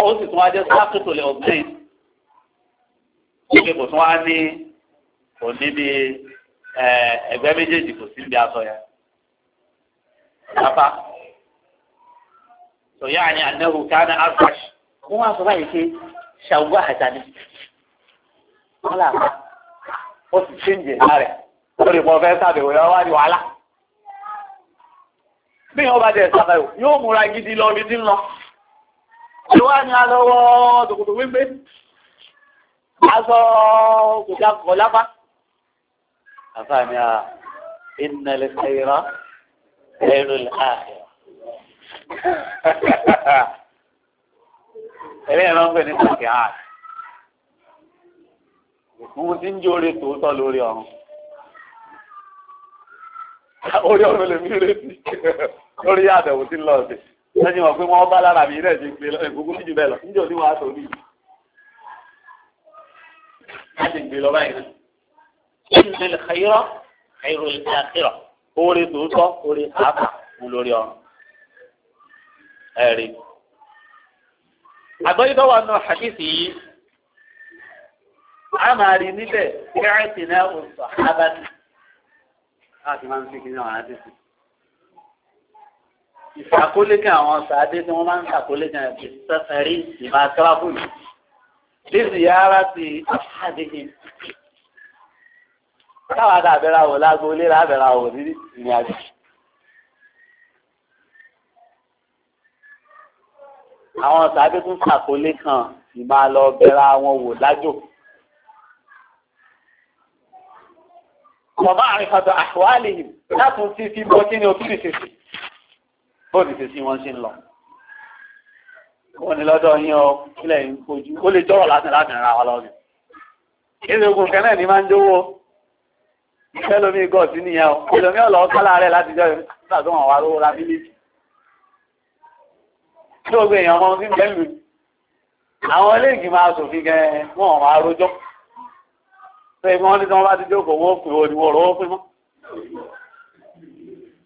ó sì tún wá jẹ́ sákòtò ọ̀gbìn tụwa kò tún wá ní kò ní bí eh, ẹgbẹ́ méjèèjì kò sí níbi aṣọ ya Lápá tòyá àní ànáwó káná ágbàṣ wọ́n wá sọ báyìí pé ṣàwùgbọ́ àjà ni wọ́n là ó sì ẹ̀ lórí fẹ́ sábẹ̀wò wá ní wàhálà. bí wọ́n bá jẹ́ ìsàbẹ̀wò yóò múra gidi lọ bí lọ ló wá ní alọ́wọ́ tòkòtò wípé aṣọ kò já kọ̀ lápá àfà ni a iná lè ẹ̀rẹ́ ìrọ́ ní kàkì ààrẹ mo ti ń jó orí tòótọ́ lórí ọ̀run orí ọ̀run lèmi retí lórí àbẹ̀wò tí ń lọ sí lẹ́yìn wọn pé wọ́n bá lára mi rẹ̀ ti gbé ìgbógun níjù bẹ́ẹ̀ lọ níjẹ́ òní wàá tó níyì láti gbé lọ báyìí náà. ìnà ìlẹ̀kẹ̀yọ́ ẹ̀rọ ìdákẹ́rọ̀ orí tòótọ́ orí àbà wù lórí ọ̀run. ẹ̀rí. àgbọ̀yìn tó wà nù hadithi yìí a máa rí níbẹ̀ kẹ́rẹ́tì náà ò sọ̀ ábàtì. láti máa ń fi kí ní àwọn àdéhùn ìṣàkólékè àwọn sàádé tí wọ́n máa ń ṣàkólékè àti sẹ́fẹ̀rí ìmọ̀ àtàlábùlù lísì yára ti àfáàdéhì káwá dà bẹ́ra wò lágbo léra bẹ́ra wò ní ìrìn àjò. àwọn sàádé tún ṣàkólékè ìmọ̀ àlọ́ bẹ́ra wọn wò lájò. Kọ̀mọ́ àrífàtọ̀ àṣùwálì yìí látún ti bọ́ kí ni òkú nìṣèṣì bóòdì tẹ̀sí wọn ṣe ń lọ. wọ́n ní lọ́dọ̀ yín kílẹ̀ ń kojú ó lè jọ́rọ̀ láti láti ra wa lọ́dún. ogun kan náà máa ń dówó iṣẹ́ lomi gọ̀ ìlòmí ọ̀lọ́ kálá rẹ̀ láti jọ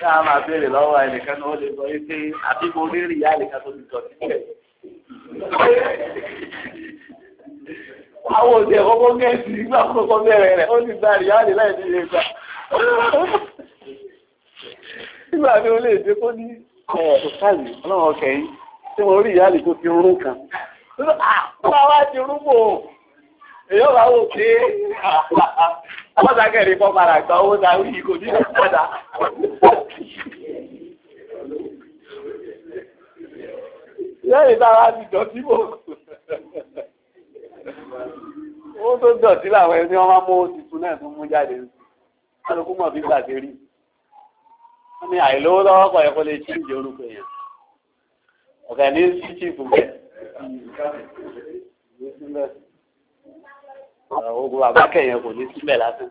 ṣé a máa béèrè lọ́wọ́ ẹnìkan náà ó lè sọ pé àbí mo rí rí ìyá ẹnìkan tó ti sọ sílẹ̀. àwọn òde ọkọ̀ gẹ̀ẹ́sì nígbà kọ́kọ́ bẹ̀rẹ̀ rẹ̀ ó ti gba ìyá rẹ̀ láì ní ìgbà. nígbà mi ò lè dé kó ní ẹ̀ẹ́dùn káàdì ọlọ́run ọkẹ́yìn tí mo rí ìyá tó fi rún kan. Àwọn àwọn ti rúgbò èyí wà ó pé àwọn sákẹ̀rì fọ́ padà gba owó ta orí ìkò ní ìpadà. lẹ́yìn lára ti dọ̀tí bò. ó tó dọ̀tí làwọn ẹni wọ́n máa mú titun náà tó mú jáde kálukú mọ̀ bí gbàgbé rí. wọ́n ní àìlówó lọ́wọ́ pọ̀ ẹ̀kọ́ lè ṣíǹjì orúkọ èèyàn. ọ̀gá ní sí chief bẹ́ẹ̀. ogun bàbá kẹ̀yìn kò ní sílẹ̀ lásán.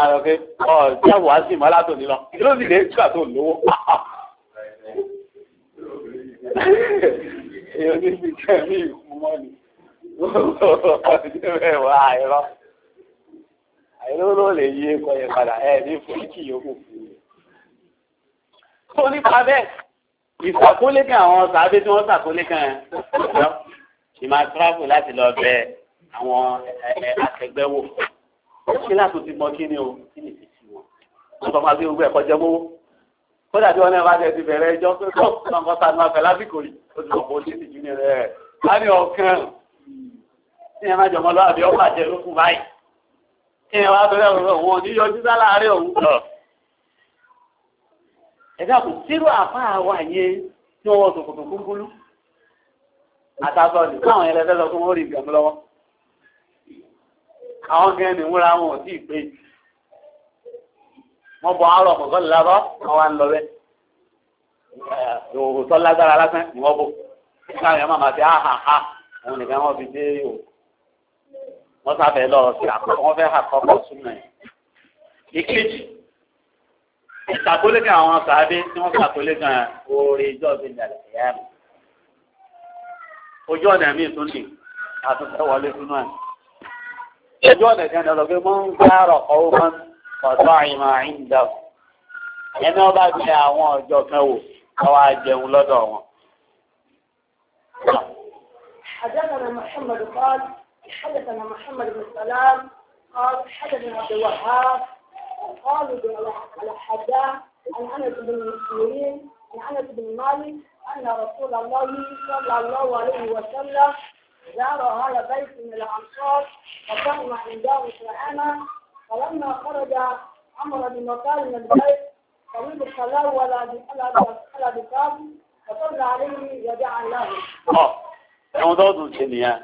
àwọn ọ̀kẹ́ ọ̀ jáwọ́ á sì mọ́ látò nílọ. kí ló sì lè gbà tó lówó èèyàn ní àwọn sàábé tí wọ́n sàkólékàn ẹ̀ ìmá tíráfù láti lọ bẹ àwọn akẹgbẹ́ wò ó ṣe láti ti mọ kí ni o kí ni ìfìsí wọn wọ́n sọ fún wa pé ẹ̀kọ́ jẹ́ mọ́wọ́ kódà tí wọn náà bá tẹ ti bẹ̀rẹ̀ ẹjọ́ pé kọ náà kọ sáà máa fẹ́ lásìkò yìí ó ti lọkọ ojú ti júnì rẹ á ní ọkàn ní ẹ má jọmọ lọ àbí ọkọ àjẹ ló kù báyìí kí ẹ wá bẹ̀rẹ̀ ọ̀rọ̀ wọn ní yọjú sá láàárín òun lọ. ẹ dàpọ̀ sírò àfáà wà yẹn tí wọ́n sòkòtò kúkúrú àtàtọ̀ ní káwọn ẹlẹ́fẹ́ sọ fún wọn rí ìgbàmú lọ́wọ́ àwọn gẹ́ni wúra wọn ò tí ì pé yìí wọ́n bọ̀ àárọ̀ kọ̀ọ̀kan lọ́wọ́ wọ́n wá ń lọ bẹ́ yòòwò tó lágbára lásán ni wọ́n bò nígbà yẹn máa fi áhà ha òun nìkan wọ́n fi dé yòò wọ́n sábẹ̀ lọ sí àkọ́kọ́ wọ́n fẹ́ hà kọ́kọ́ súnmọ́ ẹ̀. ìkejì ìtàkólé kan àwọn sàádé tí wọ́n sàkólé kan oore ìjọ fi dàlẹ̀ ẹ̀yà mi ojú ọ̀nà mi tún nì àtúntẹ̀ wọlé súnmọ́ ẹ̀ ojú ọ̀nà kan ní ọ̀dọ̀ pé wọ́n ń gbá àrọ̀ ọ̀hún ọ̀tọ́ حدثنا محمد قال حدثنا محمد بن سلام قال حدثنا عبد الوهاب قال على حداه عن انس بن مسلمين عن انس بن مالك ان رسول الله صلى الله عليه وسلم زار هذا بيت من الانصار فسمع عنده سلامه فلما خرج عمر بن مكان من البيت طويل الصلاة ولا على بكاب فصلى عليه يدعى الله. ẹ̀wọ̀n tó dùn sí nìyẹn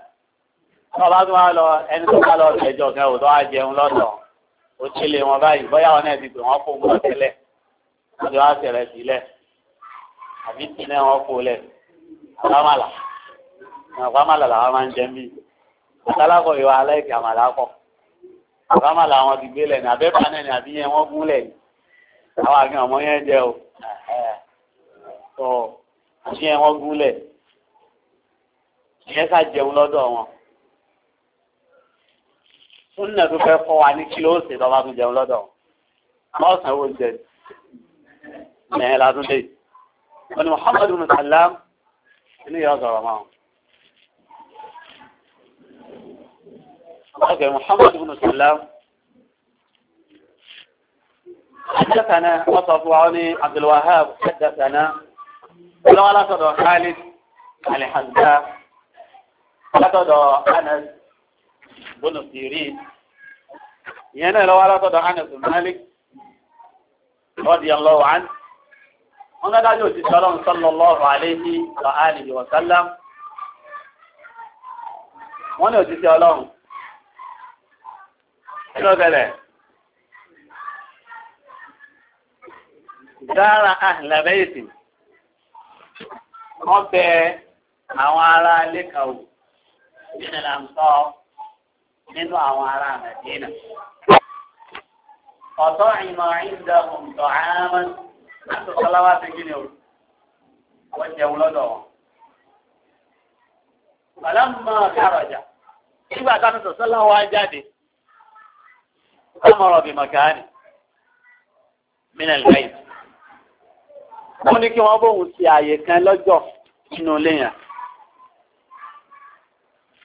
tó bá tún wá lọ ẹni tó bá lọ ṣẹjọ kan ò tó wá jẹun lọ́dọ̀ ó ti lé wọn báyìí bóyá wọn náà ti pè wọn kó wọn tẹ́lẹ̀ wọn ti wá tẹ̀rẹ̀ sílẹ̀ àbí tìǹẹ̀ wọn kó lẹ̀ àbámàlà àbámàlà làwọn máa ń jẹ́ mí àtàlákọ̀ ìwà aláìkè àmàlà kọ̀ àbámà làwọn ti gbélẹ̀ ní abẹ́bà náà ní àbí yẹn wọ́n gúnlẹ̀ ní àwọn àgbẹ̀ ọmọ yẹn jẹ́ o tó àbí yẹn wọ́n gúnlẹ̀ ìyẹn ká jẹun lọ́dọ̀ wọn ó nà tó fẹ́ fọ́ wa ní kí ló ṣe lọ́ba tó jẹun lọ́dọ̀ wọn lọ́sàn-án wo jẹ mẹ́rin látúndé wọn ni Muhammadu musalam inú yẹn sọ̀rọ̀ máa. أخي محمد بن سلام حدثنا وصف عن عبد الوهاب حدثنا ولو على صدر خالد علي حمزة لقد أنس بن سيرين ينا لو على صدر أنس بن مالك رضي الله عنه wọn dájọ́ yóò ti sọ́lọ́run sọ́lọ́lọ́rọ̀ àléhì wa alihi wa sallam kí Dára àhìlàbẹ́yìsì. Wọ́n bẹ àwọn ará ilé Nínú ìlànà nínú àwọn ará Mẹ̀dínà. Ọ̀tọ́ ìmọ̀ ìdá òǹtọ̀ àámán láti sọ́láwá sí kí Wọ́n jẹun lọ́dọ̀ wọn. kárọ̀jà. Nígbà amọ̀rọ̀ bí màkàánì mínà lẹ́yìn. wọ́n ní kí wọ́n bóun ṣe àyè kan lọ́jọ́ nínú ilé yẹn.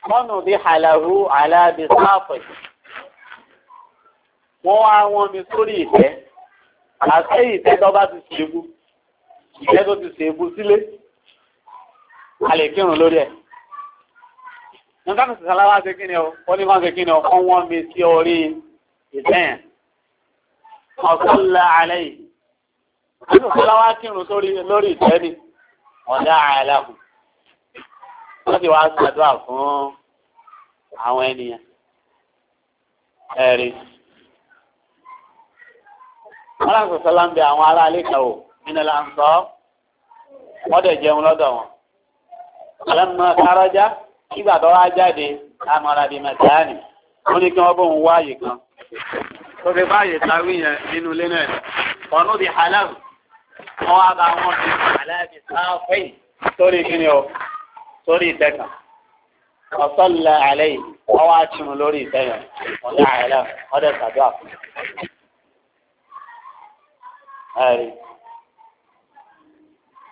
mọ́nù bí àlàrú àlàbí sáàpù wọ́n wá wọn mi sórí ìtẹ́ àṣẹ ìtẹ́ tó bá ti ṣègbú ìtẹ́ tó ti ṣègbú sílé a lórí ẹ̀ nígbà tó ti sàláwá ṣe kí ọ wọ́n ní wọ́n ṣe kí ọ wọ́n wọ́n mi sí orí ìfẹ́yẹn ọ̀sánlá alẹ́ yìí nínú kí wọ́n wá kírun sórí lórí ìfẹ́ ni wọ́n dá àyàláhù wọ́n sì wá ṣàdúrà fún àwọn ènìyàn ẹ̀rí wọ́n láti sọ́lá ń bẹ àwọn ará ilé kan ò nínú là wọ́n dẹ̀ jẹun lọ́dọ̀ wọn ọlọ́mọ kárọ́já nígbà tó wá jáde àmọ́ra bíi mẹ́tàánì wọ́n ní kí wọ́n bóun wá àyè kan tó fi bá àyè táwí yẹn nínú ilé náà ọ̀nà òbí halal wọ́n á bá wọn fi aláàbí sáfẹ́yìn sórí kí ni o sórí ìtẹ́kàn ọ̀sọ́lá àlẹ́ yìí wọ́n wá tìrun lórí ìtẹ́yàn ọ̀lá àlẹ́ ọ̀dẹ̀ sàdúrà fún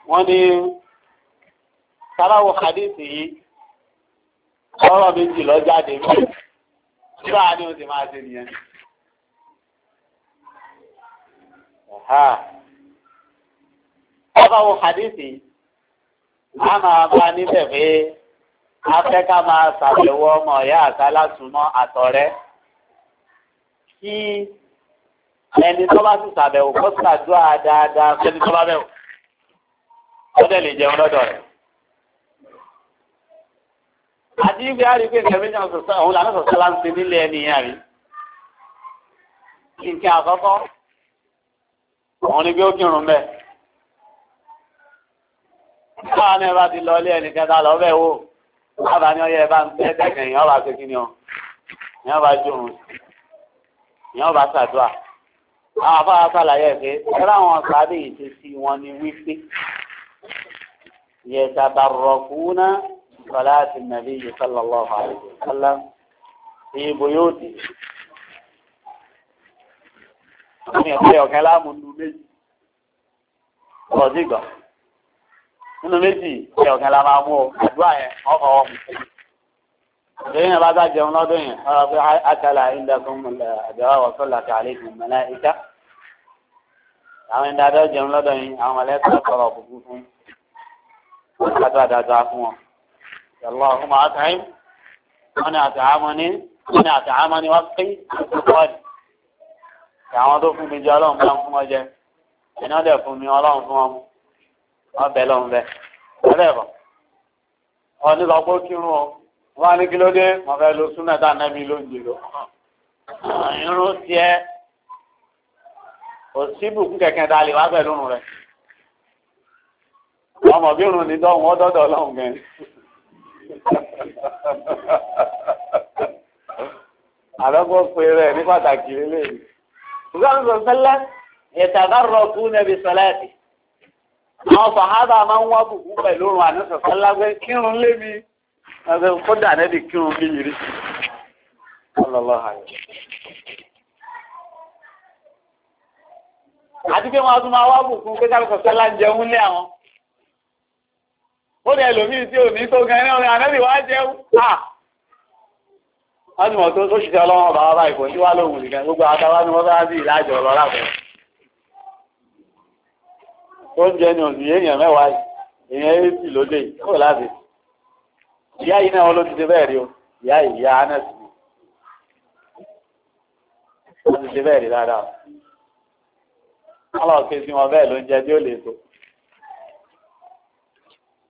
wọ́n ní sábàwọ̀ hadith yìí ọ̀rọ̀ méjì lọ jáde tí wàá ní o sì máa ṣe nìyẹn. ọba wo hadithi a máa bá níbẹ̀ pé afẹ́ká máa ṣàbẹ̀wò ọmọ ìyá àtàlásùmọ́ àtọ̀rẹ́ kí ẹni tó bá tún ṣàbẹ̀wò kó ṣàdúrà dáadáa fẹ́ni tó bá bẹ̀wò ó dẹ̀ lè jẹun lọ́dọ̀ rẹ̀ àti ibi àrí pé kẹ̀mẹ́jà àwọn làná sọ̀tà láǹtì nílé ẹni yẹn rí nǹkan àkọ́kọ́ àwọn ni bí ó kírun bẹ́ẹ̀ káwọn náà bá ti lọ ilé ẹnì kẹta lọ bẹ́ẹ̀ wò lábàá ní ọyẹ bá ń tẹ́ tẹ́kẹ̀ èèyàn bá ṣe kí ni ọ èèyàn bá jòrùn èèyàn bá ṣàdúrà àwọn afárá ṣàlàyé pé ẹ̀rọ àwọn sáré ìṣesí wọn ni wípé yẹ̀ta bá rọ̀ kú náà. صلاة النبي صلى الله عليه وسلم في بيوته ní ẹ̀fẹ́ ọ̀kan láàmù nínú méjì ọ̀dígbà nínú méjì ẹ̀ ọ̀kan la máa mú ọ àdúrà yẹn ọkọ̀ ọmọ ìdíyìn náà bá bá jẹun lọ́dún yẹn ọ̀rọ̀ pé àkàlà ìdàkùn àjọwà wọ̀tọ́ làkà àlejò mẹ́lá ìta àwọn ìdádọ́ jẹun lọ́dún yẹn àwọn mọ̀lẹ́kọ̀ọ́ sọ̀rọ̀ òkùnkùn fún àtọ́ àdájọ́ fún wọn. اللهم أطعم من أطعمني من أطعمني واسقي البخاري àwọn tó fún mi jẹ ọlọ́run bá ń fún ọ jẹ iná dẹ̀ fún mi ọlọ́run fún ọmú ọbẹ̀ lọ́hùn bẹ́ẹ̀ ọbẹ̀ bọ̀ ọ ní sọ pé ó kírun o wọn á ní kí ló dé mo fẹ́ lo súnmẹ́ta nẹ́bí lóúnjẹ lọ irun tiẹ̀ kò sí bùkún kẹ̀kẹ́ ta lè wá pẹ̀lú rẹ̀ ọmọ bí irun ní dọ́hùn ó dọ́dọ̀ ọlọ́run àlọ́gbọ́ pé rẹ̀ ní pàtàkì lélẹ̀ yìí. ṣùgbọ́n sọ sẹ́lá ìtàgárọ̀ kú nẹ́bi sọláàtì. àwọn fàhádà máa ń wá bùkú pẹ̀lú òrùn àníṣọ sẹ́lá pé kírun lé mi. ẹgbẹ́ kódà nẹ́bi kírun bí yìí rí. àti pé wọn a tún máa wá bùkú pé káàkiri sọ sẹ́lá ń jẹun lé àwọn. ó dẹ̀ lòmí tí ò ní tó gan ẹ̀rọ ànẹ́bì wá jẹun à tó tó ṣiṣẹ́ ni òsì èèyàn mẹ́wàá èèyàn èsì lóde kò láti ìyá yìí náà o ìyá ìyá anẹ́sì ni wọ́n ti ṣe bẹ́ẹ̀ rí dáadáa ọlọ́ọ̀kẹ́ sí wọn bẹ́ẹ̀ ló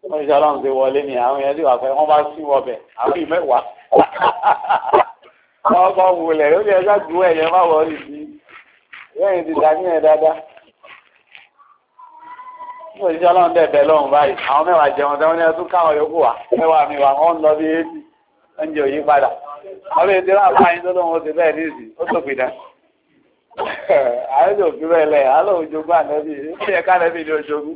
wọ́n ṣe ọlọ́run ṣe wọlé ni àwọn yẹn ti wà fẹ́ wọ́n bá sí wọbẹ̀ àwọn ìmẹ́wàá wọ́n bá wulẹ̀ lórí ẹjọ́ ju ẹ̀yẹ má wọlé sí lẹ́yìn ti dání ẹ̀ dáadáa. wọ́n ṣe ọlọ́run dẹ̀ bẹ̀ lọ́hùn báyìí àwọn mẹ́wàá jẹun tẹ́wọ́n ní ẹtún káwọn yòókù wá mẹ́wàá mi wà wọ́n ń lọ bí éjì oúnjẹ òyí padà wọ́n lè dérà báyìí tó lóun ó ti bẹ́ẹ̀ níìsì ó tó pìdá. àyẹ̀dọ̀ òfin bẹ́ẹ̀ lẹ̀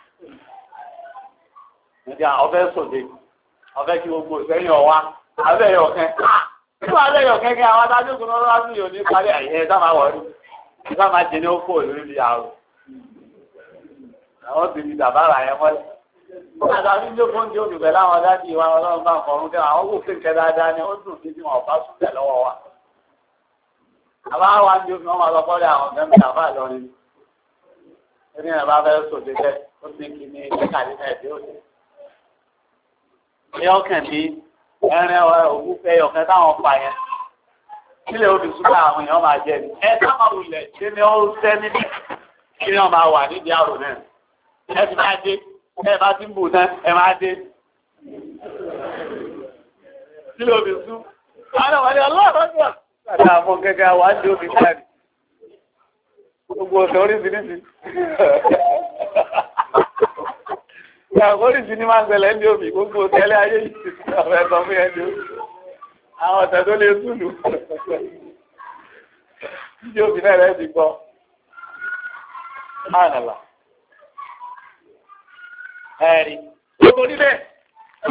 níbi ọ̀fẹ́ sòdè ọ̀fẹ́ kí gbogbo ìfẹ́yìn ọ̀wá abẹ́yẹ ọ̀kẹ́ ah! nínú abẹ́yẹ ọ̀kẹ́ kí àwọn adájọ́ kan lọ́wọ́ sí yòó ní parí àyẹ̀ dáma wọ̀rí nígbà jẹ ní ó àwọn bèbí ilé láwọn bá àwọn kò dáadáa ni ó dùn wa àbá wa ń wọn lọ kọ́lé àwọn ọ̀gá àbá ẹni ẹ̀ bá ó ti kí òde. ní ọkàn bí ọ̀kẹ́ táwọn pa yẹn nílẹ̀ odò súnmọ́ àwọn èèyàn máa jẹ ẹ sábà wulẹ̀ ṣé ni ó tẹ́ níbẹ̀ kí ni wọ́n máa wà nídìí àrò náà ẹ máa dé ẹ bá ń bù náà ẹ máa dé nílẹ̀ odò sún àwọn ọmọdé ọlọ́ọ̀rọ̀ gbà àti àwọn kẹ̀kẹ́ àwọn àjò mi káàdì gbogbo ọ̀sẹ̀ oríṣiríṣi. Oríṣi ní máa ń ṣẹlẹ̀ ní omi gbogbo tẹ́lẹ̀ ayé yìí ọ̀rọ̀ ẹ̀sọ́ fún ẹni o. Àwọn ọ̀tẹ̀ tó lè túlù. Jíjí omi náà rẹ̀ ti gbọ́. Máa nàlà. Ẹ̀rí. Gbogbo níbẹ̀,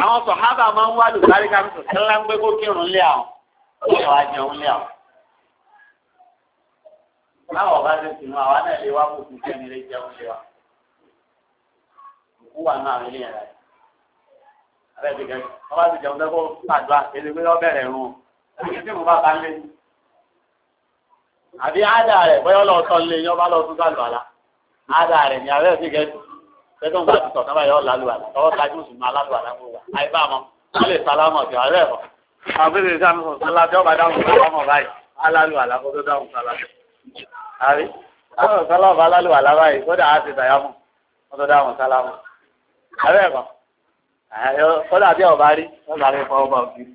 àwọn sọ̀hábà máa ń wá lù sáré ká sọ̀ sẹ́lá ń gbé kó kírun lé àwọn. Ó yẹ wá jẹun lé àwọn. Báwo bá ṣe sùn, àwa náà lè wá kó kú kẹ́ni lè jẹun lé wa ó wà nínú àwọn ilé yẹn rẹ̀ abẹ́ ti gẹ̀ẹ́ ọba ti jẹun lẹ́kọ̀ọ́ pàdúrà èdè bẹ̀rẹ̀ rún àbí ádà rẹ̀ bọ́yọ́ lọ tọ́ lé yọba lọ tún sàlù àlá ádà rẹ̀ ni abẹ́ ti gẹ̀ẹ́ tẹ́tọ́ ń bá ti sọ̀ náà lálù àlá tọwọ́ tajú sùn máa lálù àlá fún wa àyíká ààrẹ ẹ̀kọ́ kọ́dà bí ọba rí lọ́gbà rẹ̀ fọ́ ọba ògiri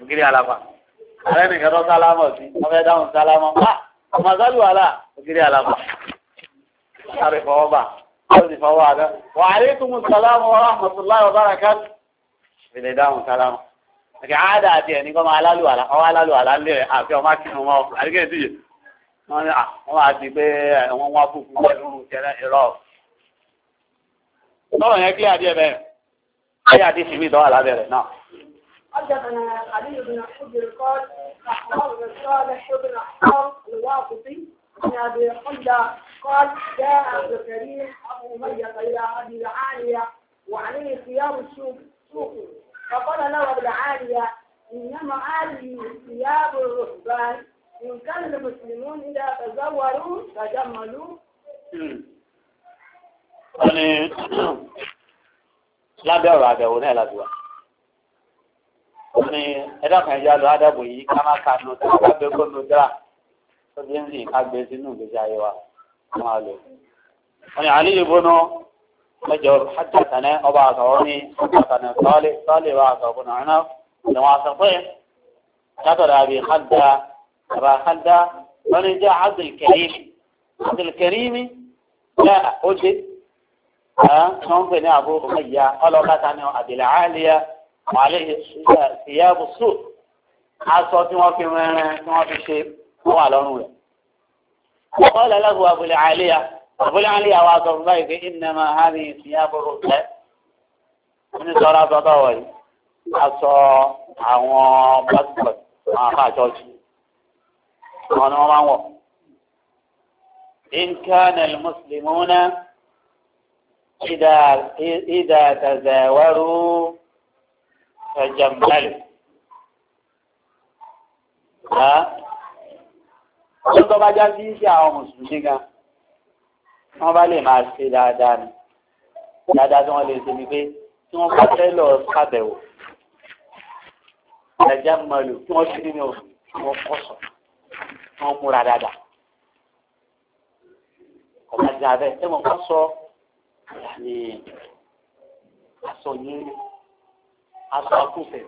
ògiri àlàpà ààrẹ nìkan tó sálámọ̀ sí ah! ọmọ ẹ̀dá òun sálámọ̀ ọmọ ala, wàhálà ògiri àlàpà ààrẹ fọ́ ọba ọ̀sì fọwọ́ àdá wà á rí túnmù sálámù rahmatullahi wa ọ̀kẹ́ àti ẹ̀ní kọ́ ọmọ ọ̀rọ̀ yẹn kílẹ̀ adìẹ bẹ́ẹ̀ قال أخبره صالح بن عمر الواقفي عن أبي قال جاء عبد أبو أمية إلى أبي وعليه ثياب السوق فقال له أبو إنما هذه ثياب الرهبان إن كان المسلمون إذا تزوروا تجملوا wọ́n ní lábẹ́ ọ̀rọ̀ àbẹ̀wò náà láti wá wọ́n ní ẹ̀dá kan ẹja lọ ádàbò yìí ká má ka nù tó ká bẹ kó nù dá tó bí ń sìn ká gbé sínú ìgbésí ayé wa kó máa lò wọ́n ní àlè ìbónú mẹjọ hajjá tẹ̀lé ọba àtọ̀wọ́ ní ọba tẹ̀lé sọ́ọ́lì sọ́ọ́lì wa àtọ̀wọ́ náà náà ni wọ́n aṣọ pé látọ̀dọ̀ àbí hajjá àbá hajjá wọ́n ní jẹ́ abdulkarim abdulkarim wọ́n pè ní àbú ọmọya ọlọ́kàtà ní àbìlẹ̀ àlìyà wàlẹ̀ ìyàbù sù aṣọ tí wọ́n fi rẹ́rẹ́ tí wọ́n fi ṣe fún wà lọ́rùn rẹ̀. ọkọ lẹ́lẹ́gùn àbúlẹ̀ àlìyà àbúlẹ̀ àlìyà wa sọ fún báyìí pé ìnàmà hàmì ìyàbù rọ̀tẹ́ oníṣọ́ra bàbá wọ̀ yìí aṣọ àwọn pásítọ̀ àwọn afá àjọjì wọn ni wọ́n máa ń wọ̀. إن كان المسلمون إذا إذا تزاوروا فجملوا ها wọ́n tó bá já sí sí àwọn mùsùlùmí gan wọ́n bá lè máa ṣe dáadáa ni dáadáa tí wọ́n lè ṣe ni pé tí wọ́n bá fẹ́ lọ ṣàbẹ̀wò ẹ̀jẹ̀ mọ̀lù tí wọ́n ṣe nínú wọn kọ̀sọ̀ wọ́n múra dáadáa ọ̀gá jẹ́ abẹ́ kọ́ sọ ní aṣọ yín aṣọ akúfẹ̀.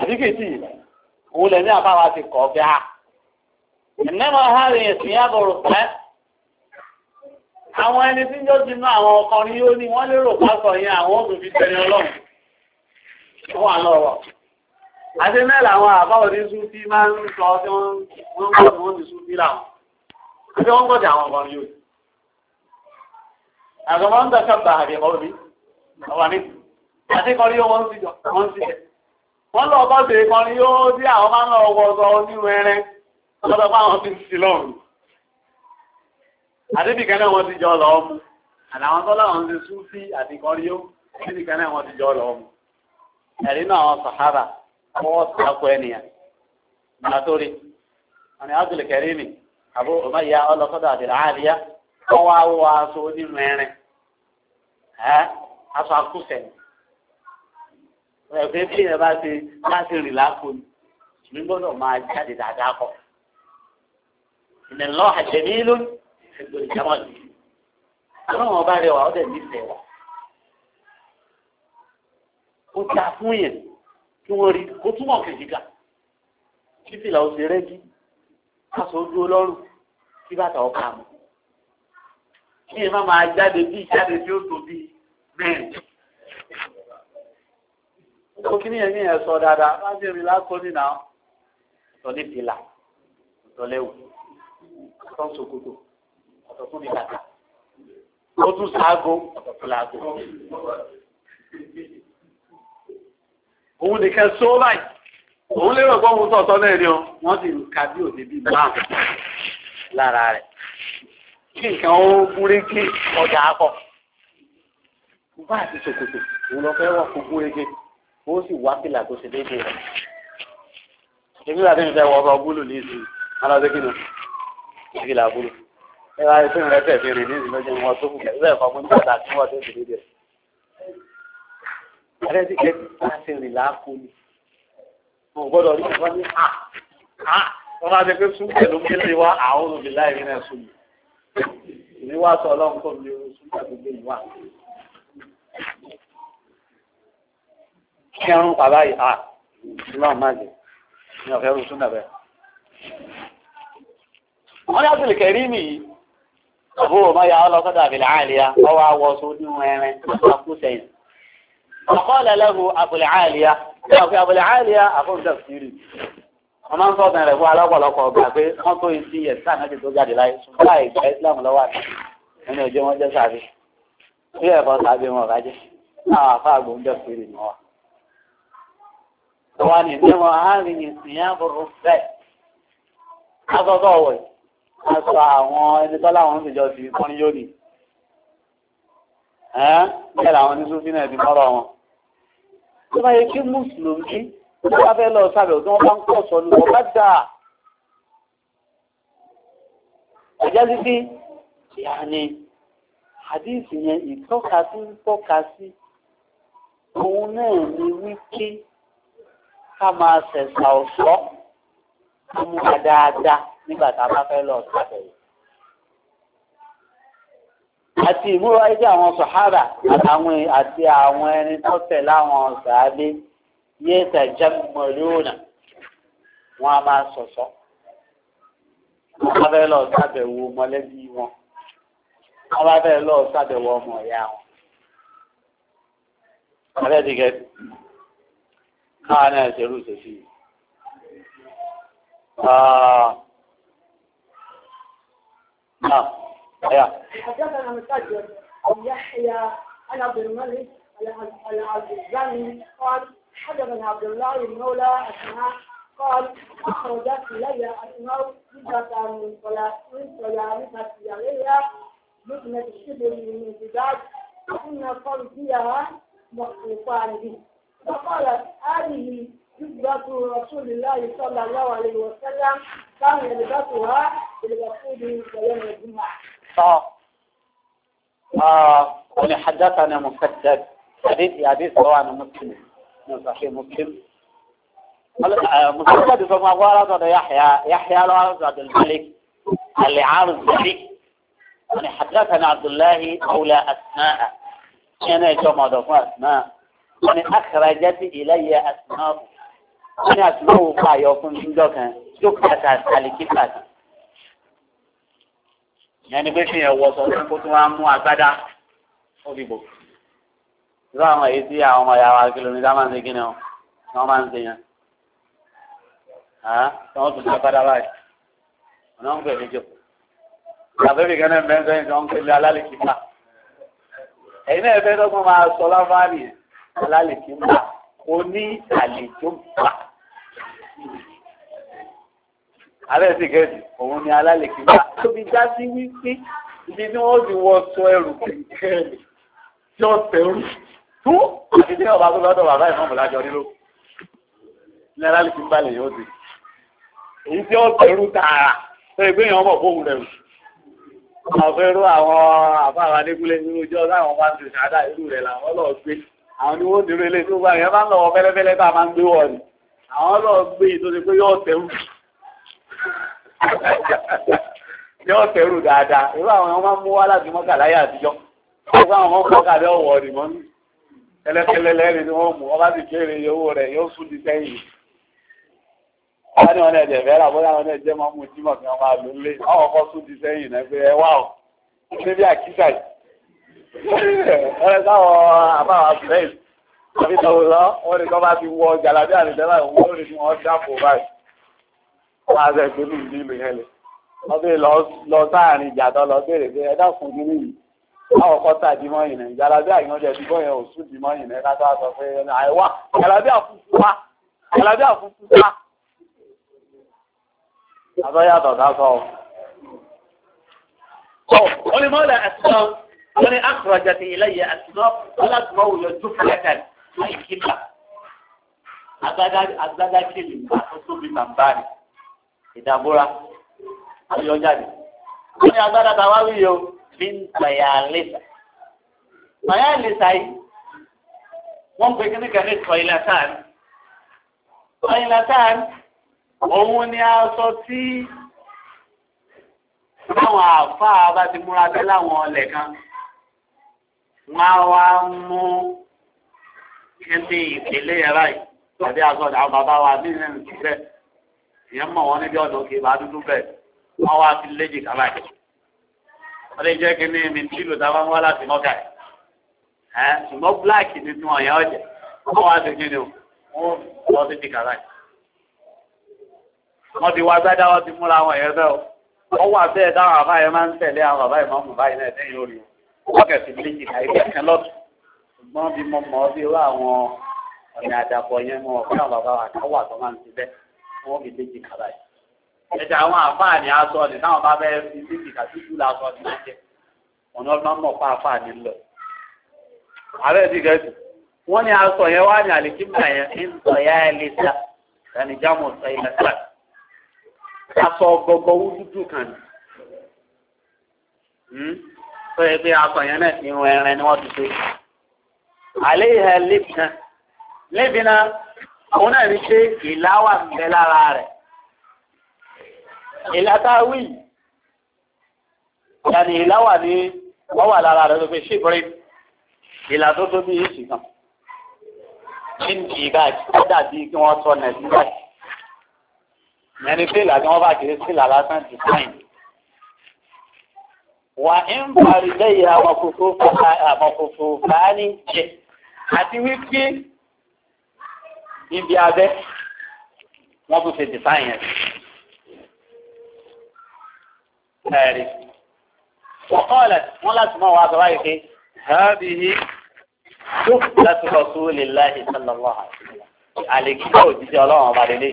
àdìgẹ́sì òun lẹ́ni àbáwá ti kọ̀ ọ́ bí a. ìnáwó hàrin ẹ̀sìn yàgòrò pẹ́. àwọn ẹni tí yóò ti ná àwọn ọkùnrin yóò ní wọ́n lérò pásọ̀ yẹn àwọn òbí fi tẹ̀lé ọlọ́run. wà lọ́wọ́ àti mẹ́lẹ̀ àwọn àbáwọ̀ ní súnfí máa ń sọ tí wọ́n ń gbọ́dọ̀ wọ́n ti súnfí láwọn àti wọ́n gbọ́dọ̀ àwọn ọkùnrin yóò àgbà wọn ń dàkà bá àbẹ̀ ọ̀rí ọ̀wà ní àtẹ́kọ̀ọ́ yóò wọ́n ń síjọ wọ́n ń síjẹ. wọ́n lọ bá bèè kan ni yóò bí àwọn máa ń lọ wọ ọ̀sọ̀ onírúurẹ́ lọ́dọ̀ bá wọn ti sí lọ́rùn. àdébì kan náà wọ́n ti jọ lọ́ọ́ mu àtàwọn tó láwọn ti sún sí àtìkọ́rí yóò àdébì kan náà wọ́n ti jọ lọ́ọ́ mu. ẹ̀rí náà àwọn sàhábà wọ́n Abu Umayya ọlọ́kọ́dọ̀ àdìrà àríyá wọ́n wá wọ aṣọ ẹ aṣọ akúfẹ ẹgbẹ bí ẹ bá ti bá ti rìn lápò mi gbọ́dọ̀ máa jáde dáadáa kọ ìnìlọ àjẹmí lónìí ẹgbẹ ìjàmọ ni àwọn ọba rẹ wà ọdẹ nífẹ̀ẹ́ wa ó ta fún yẹn kí wọn rí kó túmọ̀ kejìká títí làwọn ṣe rẹ́gí aṣọ ojú ọlọ́run kí bàtà ọkà mu kí ẹ má máa jáde bí ìjáde tí ó tóbi mẹ́rin. Ó kí ni ẹ̀mí ẹ̀ sọ dáadáa, má ṣe rí lákòóní náà. Sọ ní fìlà, sọ lẹ́wù, sọ ń ṣòkòtò, sọ fún mi kàkà. Ó tún ṣáágo, sọ fún làágo. Òun nìkan só báyìí. Òun lérò pé òun sọ̀tọ̀ náà ni o, wọ́n sì ń ka bí òde bíi máa lára rẹ̀ kí nǹkan ó gúrégé ọjà akọ bá àti ṣòkòtò òun lọ fẹ́ wọ̀ kó gúrégé ó sì wá fìlà tó ṣe déédéé rẹ̀ èmi bàtí mi fẹ́ wọ ọkọ̀ búlù ní ìsìn alọ́dé kí ni fìlà búlù ẹ wá ẹsẹ̀ rẹ̀ fẹ́ fi rìn ní ìsìn lọ́jọ́ ìwọ̀n tó kù bẹ́ẹ̀ fọ́ mú nígbà tí wọ́n tó ṣe déédéé rẹ̀ ẹ̀rẹ́ ti kẹ́ bá ṣe rìn láàkó ni mo gbọ́dọ̀ ní ìfọ́n ní à à wọ́n bá ti pé sún pẹ̀lú mílíọ̀nù wa àwọn olùbíláì nínú ẹ̀sùn mi ìní wá sọ ọlọ́run kó mi oṣù gbàgbé ìwà. kí ẹrún pàbá yìí à ìlọ́run má jẹ ní ọ̀fẹ́ rú súnà bẹ́ẹ̀. wọ́n yá sílẹ̀ kẹrí mi yìí àbúrò ọmọ ya ọlọ́kọ́dà àbìlẹ̀ àìlíyá ọwọ́ awọ sódìmọ̀ ẹ̀rẹ́ àkúsẹ̀yìn. ọ̀kọ́ lẹ́lẹ́hu àbùlẹ̀ àìlíyá àbùlẹ̀ àìlíyá àkóńtà fìrì wọn ń sọ̀tàn rẹ̀ fún alápọ̀lọpọ̀ ọgbà pé wọ́n tó isi ẹ̀sán náà ti tó jáde láyé ṣùgbọ́n àìgbà islam lọ́wọ́ àti nínú ìjọ wọn jẹ́ sàbí bí ẹ̀kọ́ sàbí wọn ọ̀gá jẹ́ àwọn afá àgbòǹjọ kiri ni wọn. wọn ni ní wọn á rìn ìsìn àbúrò bẹ́ẹ̀ asọ́sọ́ ọ̀wọ̀ aṣọ àwọn ẹni tọ́lá wọn sì jọ sí kọ́ni yóò ní. bẹ́ẹ̀ làwọn oníṣúfin náà ti mọ́rọ̀ wọn. tó bá yẹ kí mùsùlùmí tó bá fẹ́ lọ sábẹ̀ òtún wọn bá ń pọ̀ sọnù wọn bá dà ẹ̀jẹ̀ títí ìyáni àdìsí yẹn ìtọ́ka sí ń tọ́ka sí òun náà ni wípé ká máa ṣẹ̀ṣà ọ̀ṣọ́ ká mú wa dáadáa nígbà tá a bá fẹ́ lọ sábẹ̀ yìí àti ìmúra ẹgbẹ́ àwọn sọ̀hárà àtàwọn àti àwọn ẹni tó tẹ̀ láwọn sàádé. yẹtẹjẹmọlúnà wọn a máa sọsọ wọn bẹ lọ ṣàbẹ̀wò mọ̀lẹ́bí wọn wọn bẹ lọ ṣàbẹ̀wò ọmọ ìyá wọn. abẹ́ ti kẹ́ káwọn náà ṣerú ṣèṣì yìí. نعم حدثنا مسجد عن يحيى عن عبد الملك عن عبد الزاني قال حدث من عبد الله المولى أسماء قال أخرجت لي أسماء جدة من صيانفة يغيها مثل الشبر من زجاج فإن فرجها مخطوطان به فقالت هذه جدة رسول الله صلى الله عليه وسلم كان يلبسها في الوقود يوم الجمعة. آه. آه. حدثنا مسدد حديث حديث رواه مسلم آه، مصطفى بن مغوارات ودى يحيى يحيى الوارز عبد الملك اللي عارض الملك يعني حدثنا عبد الله أولى أسماء يعني أنا جمع دفع أسماء يعني أخرجت إلي أسماء أنا يعني أسماء وقايوكم من دوكا دوكا سالي كيف أسماء يعني بشي هو صوتي قطوة موعبادة أولي بوكس irú àwọn èyí tí àwọn ọmọ ìyá wa kìlómítà máa ń ṣe kíni o wọ́n máa ń ṣe yẹn tí wọ́n tún ṣe padà báyìí ọ̀nà ń pè ní jòkó àbẹ́bí kan náà bẹ́ẹ̀ sẹ́yìn tí wọ́n ń pè ní alálìkímà ẹ̀yin náà fẹ́ dọ́gbọ́n máa sọ láfáàrí alálìkímà oní àlejò gbà alẹ́ sì kẹ́sì òun ni alálìkímà tóbi já sí wípé ibi tí wọ́n ti wọ sọ ẹrù kẹ̀kẹ́ rẹ̀ tí ọ̀sẹ̀ rù tú àti tí ọba tó lọ́dọ̀ bàbá ìmọ̀ mọ̀lájọ nílò náírà lè fi ń balẹ̀ yóò di èyí tí ó pẹ̀lú tààrà tó ẹgbẹ́ yẹn bọ̀ fóun rẹ̀ àfẹ́rú àwọn àfáàrà adékúlé irú ìjọ táwọn máa ń ṣe ṣáadà irú rẹ̀ làwọn lọ́ọ́ gbé àwọn ni wọ́n nílò ilé tó bá yẹn máa ń lọ́wọ́ fẹ́lẹ́fẹ́lẹ́ tá a máa ń gbé wọ̀ ni àwọn lọ́ọ́ gbé ìtòsí pé yóò tẹ̀wù yóò tẹ̀rù dáadáa irú àwọn ọmọ mú wá láti mọ́kàlá yà àtijọ́ irú àwọn ọmọ mọ́kàlá ọ̀wọ́ ni mọ́ ní kẹlẹkẹlẹ lẹ́rìn ni wọ́n mú ọba ti kéré owó rẹ̀ yóò sùn di sẹ́yìn wọ́n ní wọn náà jẹ̀ fẹ́ràn bóyá wọn náà jẹ́ máa mú jímọ̀ kí wọ́n máa lò lé àwọn ọkọ̀ sùn di sẹ́yìn náà pé ẹ wá o ṣé bí àkísà yìí wọ́n lè sáwọn àbáwọn àbúrẹ́yìn àbí tọ̀wọ̀ lọ wọ́n lè kọ́ bá ti wọ jàlábí àrìndẹ́lá ìwọ́n lórí fún wọn dáàbò báyìí wọ́n á sẹ́ gbẹ́lú ìlú yẹn lè lọ sáàrin ìjà tó lọ bèèrè pé ẹ dákun nínú yìí àwọn ọkọ di mọ́yìn náà jalabi àyànjẹ bí bọ́yẹn ò sùn di mọ́yìn náà ká sọ pé àìwá jalabi àfúfú wa jalabi àfúfú wa. àtọ́yàtọ̀ dákọ̀ o. ọ wọ́n ní mọ́lẹ̀ àtúnṣe wọ́n ní àkùrọ̀jà ti ilé yẹ àtúnṣe wọ́n láti mọ́ òye ojú fúlẹ́tẹ̀ láì kíkà. agbádá kìlì àtúntò bíi bàbá rẹ̀ ìdàbúra ayọ̀jáde. wọ́n ní agbádá tàwa wíyọ min bayalisa bayalisa yìí wọ́n pe kíní kan ní tọ́ilátàn tọ́ilátàn òun ni a sọ tí táwọn àáfàá bá ti múra bẹ́ láwọn ọlẹ̀ kan wọ́n á wá mú kíní ìpínlẹ̀ yẹn báyìí tàbí àgọ́dà àwọn bàbá wa ní ìrìn ìpínlẹ̀ ìyẹn mọ̀ wọ́n níbi ọ̀dọ̀ kì í bá dúdú bẹ́ẹ̀ wọ́n wá fi léjì kábàkì wọ́n lè jẹ́ kínní mi tí lò dáa wá láti mọ́kà ẹ̀ ṣùgbọ́n bíláàkì ni tiwọn yẹn ọ̀jẹ̀ wọ́n wá sí kínní wọ́n lọ sí kàrá wọ́n ti wá sádá wọ́n ti múra wọn yẹn bẹ́ẹ̀ o wà bẹ́ẹ̀ dáhùn àbá yẹn máa ń tẹ̀lé àwọn bàbá yẹn mú báyìí náà ẹ̀dẹ́yìn orí wọ́n kẹ̀sì méjì náà ibi ẹ̀kẹ́ lọ́tù ṣùgbọ́n bí mo mọ̀ bí irú àwọn ọ̀nà àdàpọ̀ yẹn mọ̀ fún àwọn bàbá wa káwà tó máa ń ti bẹ́ẹ̀ wọ́n fi méjì kàrá yìí ẹ̀jẹ̀ àwọn àfáà ní aṣọ ni táwọn bá bẹ́ẹ̀ fi síbi kàtúkù lásọ ni wọ́n jẹ́ ọ̀nà ọlọ́mọ mọ̀ pa àfáà ní lọ. ààrẹ ti gẹ̀ẹ́sì wọ́n ní aṣọ yẹn wá ní àlìkímà yẹn ń sọ ya ẹ lè ta ẹni jámọ̀ sọ ilẹ̀ tíra. aṣọ gbogbo owó dúdú kan ni. Hmm? sọ yẹ pé aṣọ yẹn náà irun ẹran ni wọ́n ti ṣe. àlẹ́ ìhẹ́ lébìnà lébìnà àwọn náà ní ṣe ìláwà ń bẹ lára rẹ̀ ìlàtàwí ìyàní ìláwà ní wọ́n wà lára rẹ̀ pé ṣíbírí ìlà tó tó bí ìṣì kan kí n kì í báyìí ó dàbí kí wọ́n sọ nẹ̀ sí báyìí ìyẹn ni fílà tí wọ́n bá kiri sílà lásán ti sáyìn ibi abẹ́ wọ́n tún ṣe dìsáyìn ẹ̀sìn ẹ̀rí. Wọ́kọ́lẹ̀ wọ́n láti mọ́ wa sọ báyìí pé hábìhí tó láti lọ sí olè láì sọ́lọ́wọ́ àlèkíkọ́ òjíṣẹ́ ọlọ́run ọba délé.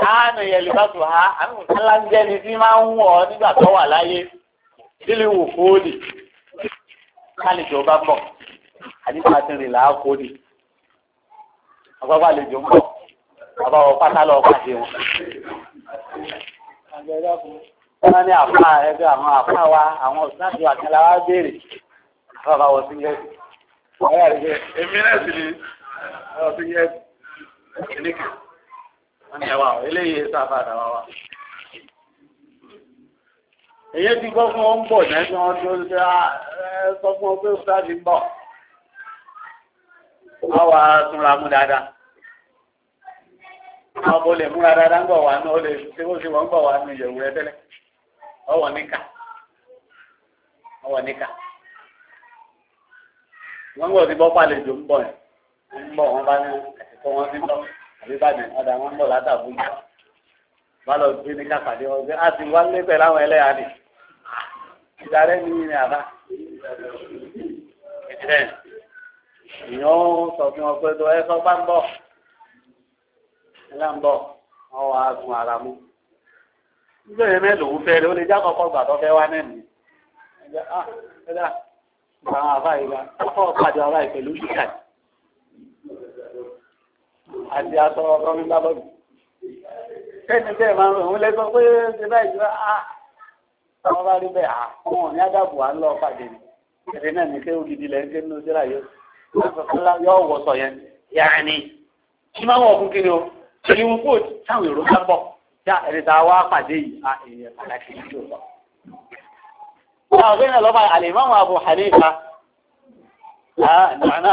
Káànù yẹlẹ bá tó ha, àwọn ìtàlá ń jẹ́ni tí máa ń wọ̀ ọ́ nígbà tó wà láyé. Kílì wò fóòlì. Kálíjọ bá bọ̀. Àdìsá ti rìn làá fóòlì. Àgbàgbà àlejò ń bọ̀. Bàbá wọn pátá lọ pàdé wọn. Wọ́n ní àfá ẹgbẹ́ àwọn àfá wa, àwọn òṣìṣẹ́ àkànlá wá béèrè. Bàbá wọ sí yẹ́. Èmi náà sì ni ọ sí yẹ́ ìníkà. Wọ́n ní ẹwà eléyìí sáfà àdáwà wa. Èyí ti gbọ́ fún ọ́n bọ̀ náà tí wọ́n tó ń sọ ah, fún ọ pé ó sáà ti bọ̀. Wọ́n wá túnra mú dáadáa ọmọ olè múra dáadáa ń bọ̀ wá náà olè tí ó ṣe wọ́n ń bọ̀ wá nu ìyẹ̀wò rẹ tẹ́lẹ̀ ọwọ́ níkà ọwọ́ níkà wọ́n ń bọ̀ sí bọ́ pàlejò ń bọ̀ yẹn ń bọ̀ wọ́n bá ní àtìkọ́ wọn sí bọ́ àbí bàjẹ́ ọ̀dà wọn ń bọ̀ látàbù yẹn bá lọ ni ìdarẹ́ ní ìrìn àbá ìyẹn ó sọ fún tó ẹ sọ bá ń bọ̀ ẹlẹ́mbọ̀ wọn wà á gun ara mú nígbà yẹn náà fẹ́ rẹ ó lè já kọ́kọ́ gbà tó fẹ́ wá náà nìyí ẹ̀dá ah, àwọn àbá ìgbà kọ́kọ́ pàdé àbá ìpẹ̀lú ṣíkà àti aṣọ ọkọ mi bá bọ́ọ̀lù kẹ́ni bẹ́ẹ̀ máa ń rò wọ́n lẹ́gbọ́n pé ṣe báyìí wá á táwọn bá rí bẹ́ẹ̀ àwọn ah, ní àdàbò à ń lọ pàdé ni ẹ̀rẹ́ náà ní kéwù gidi lẹ́ ń ké nínú síra yóò yọ sọ yẹn yàrá ni kí máa wọ̀ fún kí ni o ìwọ̀n kò táwọn èrò bá bọ̀ já ẹni tá a wá pàdé yìí a èèyàn pàtàkì yìí lò. Wọ́n àwọn èèyàn lọ́ba àlèmáwò Abu Hanifa nàánà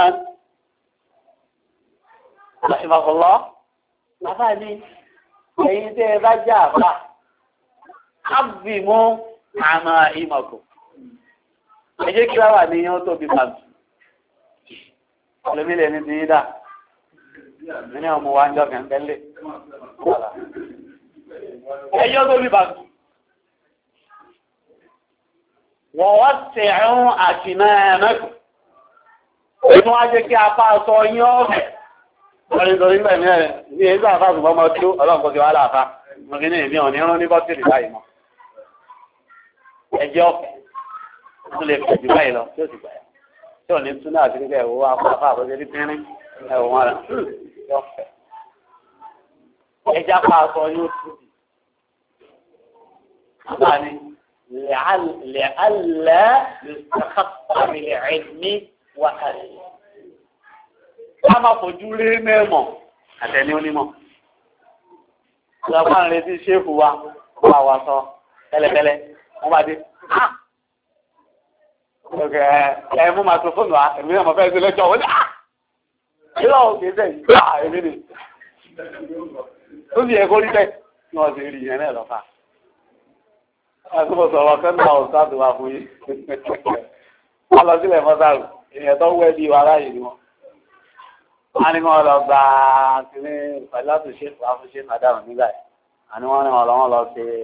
lọ́sibàkọ́lọ́ bàbá mi ẹ̀yin tẹ́ ẹ bá jẹ́ àbá ábìmú àmọ́ ìmọ̀kù. Ẹ jẹ́ kí wá wà tóbi pàtó. Ọlọ́mílẹ̀ ní ti yín dáa mi ní ọmọ wa ń jọ kàn tẹ́lẹ̀. ẹjọ́ tó bí bàtú. wọ́n wá tẹ̀rún àti náà mẹ́kù. inú wa jẹ́ kí apá sọ yín ọ̀fẹ́. wọ́n ní torí bẹ́ẹ̀ ní ẹ̀ ní èyí àfa ṣùgbọ́n mo tó ọlọ́run kò sí wàhálà àfa. mo kì í ní èmi ò ní rán ní bọ́tìrì báyìí mọ́. ẹjọ́ ọ̀fẹ́ tó lè fẹ̀ báyìí lọ tí ó sì gbà tí ò ní túnú àti nígbà ẹ̀wọ́ apá àfa àkọsílẹ̀ pínrín ẹ̀wọ̀n rẹ̀ yọ̀fẹ́ ẹja pa aṣọ yóò tóbi àbáni lẹ́àlẹ́ lẹ́sàkàtàmì ẹ̀mí wákàtí ká má fojú rí mẹ́mọ̀ àtẹni onímọ̀ ìjọba ń retí ṣéèfù wa wà wà sọ tẹ́lẹ̀tẹ́lẹ̀ wọ́n bá dé ẹ mú màtòfóònù wa èmi náà mo fẹ́ ṣe lọ́jọ́ wọlé ah ìlà òkè bẹ́ẹ̀ gbà èmi ni ó sì yẹ kó rí bẹ́ẹ̀ ní ọ̀sẹ̀ rí yẹn náà lọ́fà àtúbọ̀sọ̀ tó wà fún yìí wọ́n lọ sílẹ̀ tó wẹ́ bíi wàhálà yìí ni wọ́n wọ́n ní wọ́n lọ gba kíní pẹ̀lú àtúnṣe àfúnṣe nàdàrú nígbà yìí ní wọ́n lọ wọ́n lọ ṣe ẹ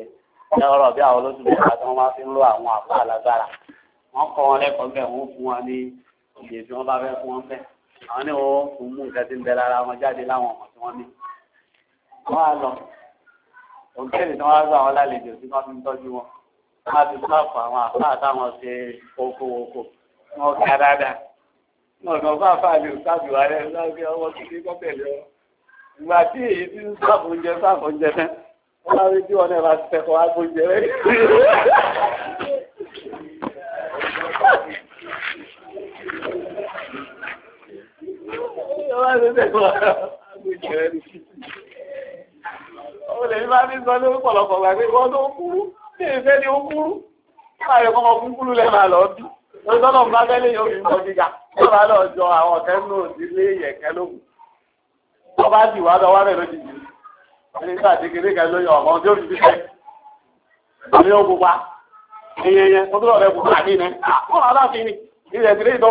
bí àwọn olóṣù mẹ́ta tí wọ́n máa fi ń lo àwọn àpá alágbára wọ́n kọ́ wọn lẹ́kọ̀ọ́ àwọn ní wọ́n oh, fún mú nǹkan tí ń bẹ lára wọn jáde láwọn ọmọ tí wọ́n ní. wọ́n á lọ òǹkẹ́ni tí wọ́n á gbà wọn lálejò tí wọ́n fi ń tọ́jú wọn wọ́n á fi sáàpù àwọn àfáà táwọn ṣe okòwòkò wọn kà dáadáa. wọn kàn fún àfáà mi ò sáàbì rẹ láti ọwọ́ títí kọ́ tẹ̀lé ọ. ìgbà tí èyí ti ń sáàpù oúnjẹ sáàpù oúnjẹ náà wọ́n á rí bí wọn náà bá ti fẹ́ kọ́ Olè ní máa ní sọ ní ọ̀pọ̀lọpọ̀ gbà pé wọ́n tó kúrú, ní ìfẹ́ ni ó kúrú. Láàrẹ̀ kọ́kọ́ fún kúrú lẹ́ máa lọ bí. Lọ́sọ́nà bá fẹ́lẹ̀ yóò fi mọ gíga. Wọ́n máa lọ jọ àwọn ọ̀kẹ́ ní òdí lé yẹ̀kẹ́ lókun. Wọ́n bá sì wá lọ wá bẹ̀rẹ̀ lójijì. Ẹni tí àti kékeré kan lóyún ọ̀mọ́ tí ó fi fífẹ́.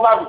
Àmì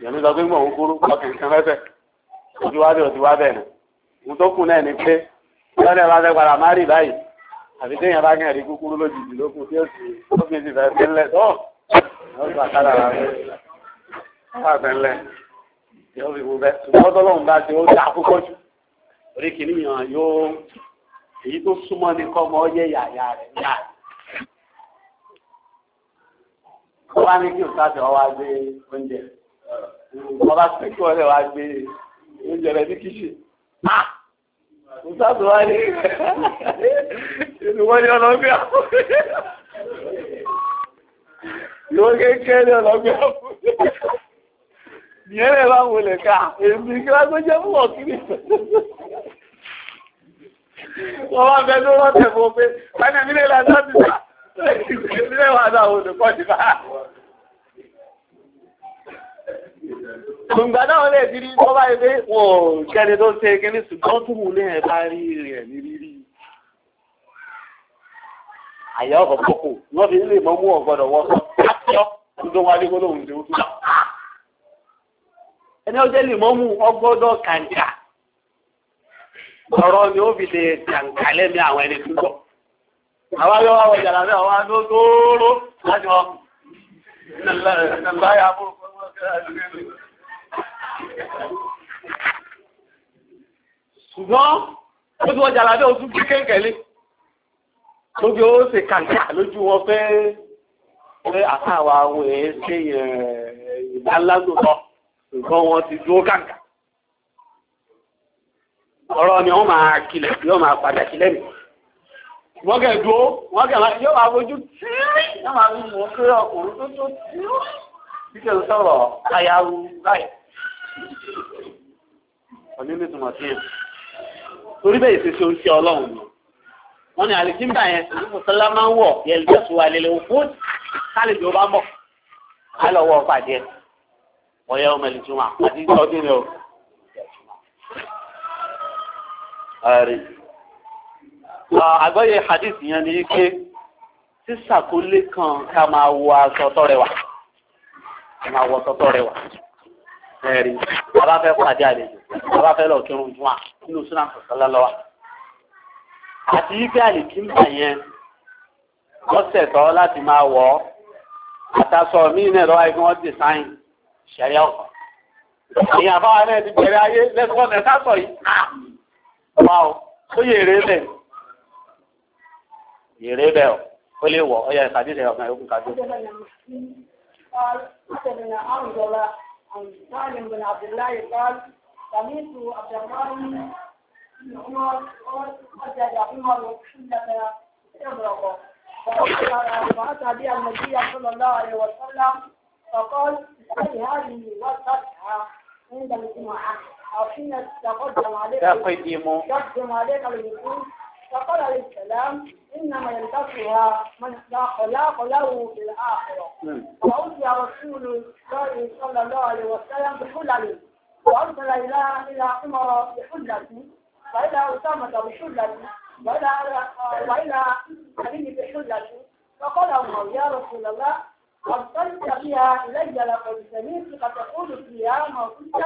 ìyẹn sọ pé mọ̀ ń kúrú ọkàn kan fẹ́fẹ́ ojú wa bẹ̀ ojú wa bẹ̀ nù ohun tó kù náà ni pé lọ́dẹ̀ bá fẹ́ padà má rì báyìí àbí téèyàn bá kẹ́hìn rí kúkúrú lójijì ló kù tí ó sì ó fi ti fẹ́ fi ńlẹ̀ tó ó gbà kára rà rẹ̀ ó wà fẹ́ ńlẹ̀ yóò fi wú bẹ́ẹ̀ ṣùgbọ́n tọ́lọ́hún bá ṣe ó dá púpọ̀ jù orí kìíní yàn yóò ní kọ́ ọmọ ọyẹ yàyà rẹ̀ oúnjẹ ọba sẹ́kì wọn lè wá gbé oúnjẹ rẹ ní kíṣì. Nsáàtò wá ní inú wọn ní ọlọ́gbé àpò. Ìwọ kékeré ní ọlọ́gbé àpò. Ìyẹn lè bá wọlé ká èmi kí wọ́n jẹ́ fún ọ̀kìnrin wọ́n wá bẹ ló wọ́n tẹ̀ fún pé báyìí nílé lásán ti sá ìgbésílẹ̀ wà náà olùkọ́ ti bá. Gbùngbà náà lè ti rí tó bá yẹ pé wọ́n kẹ́ni tó ṣe kíní ṣùgbọ́n tún wù lẹ́yìn bá rí rẹ̀ ní rírí. Àyà ọ̀kọ̀ pọ̀kù, wọ́n fi lè mọ́ mú ọ̀gbọ́dọ̀ wọ́n sọ, "Ájọ́!" Tó wá dé gbọ́dọ̀ tó tún. Ẹni ọjọ́ lè mọ́ mú ọgbọ́dọ̀ kàǹkà. Ọ̀rọ̀ ni ó fi lè kàǹkà lẹ́mí àwọn ẹni tó tọ̀. Àwa yọ àwọn ìjàlá láti wọn ṣùgbọ́n ó ti wọ́n jàlá bẹ́ẹ̀ ó tún gbé kẹ́kẹ́lé lójú ó ṣe kàǹkà lójú wọn pé pé àtàwà àwọn èèyàn ṣe ìdálásòtọ́ ṣùgbọ́n wọn ti dúró kàǹkà ọ̀rọ̀ ni wọ́n máa kílẹ̀ yóò máa padà kílẹ̀ mi wọ́n kẹ̀ dúró wọ́n kẹ̀ máa yóò máa fojú tíírí yóò máa fi mọ̀ kí ọkùnrin tó tó tíírí bí kẹ̀ ń sọ̀rọ̀ ayahu báyìí ọ̀ní ní tùmọ̀ sí ẹ̀ torí bẹ́ẹ̀ ṣe ṣe oúnjẹ ọlọ́run ni wọ́n ní àlìjíńbà yẹn ní mùsùlá máa ń wọ̀ yẹn lè tó wà lélẹ̀ òkú kálíjì ó bá mọ̀ á lọ wọ ọ̀pá díẹ̀ ọ̀yẹ́ ọmọ ìlú jùmọ̀ àti ìjọ ọdún ni o. àgbọ́yé hadith yẹn ni pé sísàkólé kan ká máa wọ aṣọ tọrẹwà ká máa wọ aṣọ tọrẹwà ẹ̀rí bàbá fẹ́ pàdé àlejò bàbá fẹ́ lọ kírun jùmọ̀ nínú súnà kọ̀ọ̀kan lọ́wọ́ àti wípé àlìkímbà yẹn wọ́n ṣẹ̀tọ́ láti máa wọ̀ ọ́ àtàsọ míì náà lọ́wọ́ ẹgbẹ́ wọn dìsáìn ṣẹ̀rí ọ̀kan èèyàn bá wà náà ti bẹ̀rẹ̀ ayé lẹ́sọ̀kọ́ mẹ́sàsọ yìí ah! wà ó ó yè eré bẹ̀ eré bẹ̀ ọ́ ó lè wọ̀ ọ́ yẹ ìsàdíṣẹ́ ọ̀kan yókù kájú. عن سالم بن عبد الله قال سمعت عبد الرحمن بن عمر قال يا عمر حلة يبرق فأتى بها النبي صلى الله عليه وسلم فقال هل هذه وصفها عند الجمعة أو حين تقدم عليك تقدم عليك الوصول فقال عليه السلام إنما ينتصر من لا خلاق له في الآخرة نعم. فأتي رسول الله صلى الله عليه وسلم بحلل وأرسل إلى إلى عمر بحلة وإلى أسامة بحلة وإلى وإلى علي بحلة فقال عمر يا رسول الله أرسلت بها إلي لقد سمعتك تقول فيها ما قلت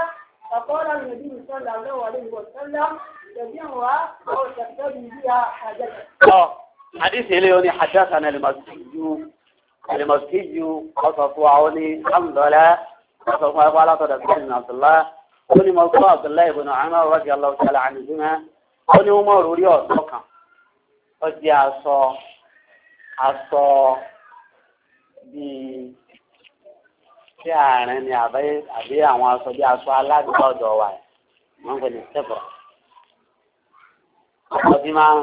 فقال النبي صلى الله عليه وسلم جميعها أو تقتضي بها حاجتك. آه حديث إليه يقول حدثنا المسجد المسجد قصص وعوني الحمد لله قصص وعلى طرف بن عبد الله قل موضوع عبد الله بن عمر رضي الله تعالى عنهما قل عمر ولي أصدقا قد عصى عصى بي tí àárín ni àbí àwọn aṣọ bí aṣọ alágbèbọ̀dọ̀ wà wọ́n ń pè ní sẹ́fọ̀rọ̀ ọdún máa ń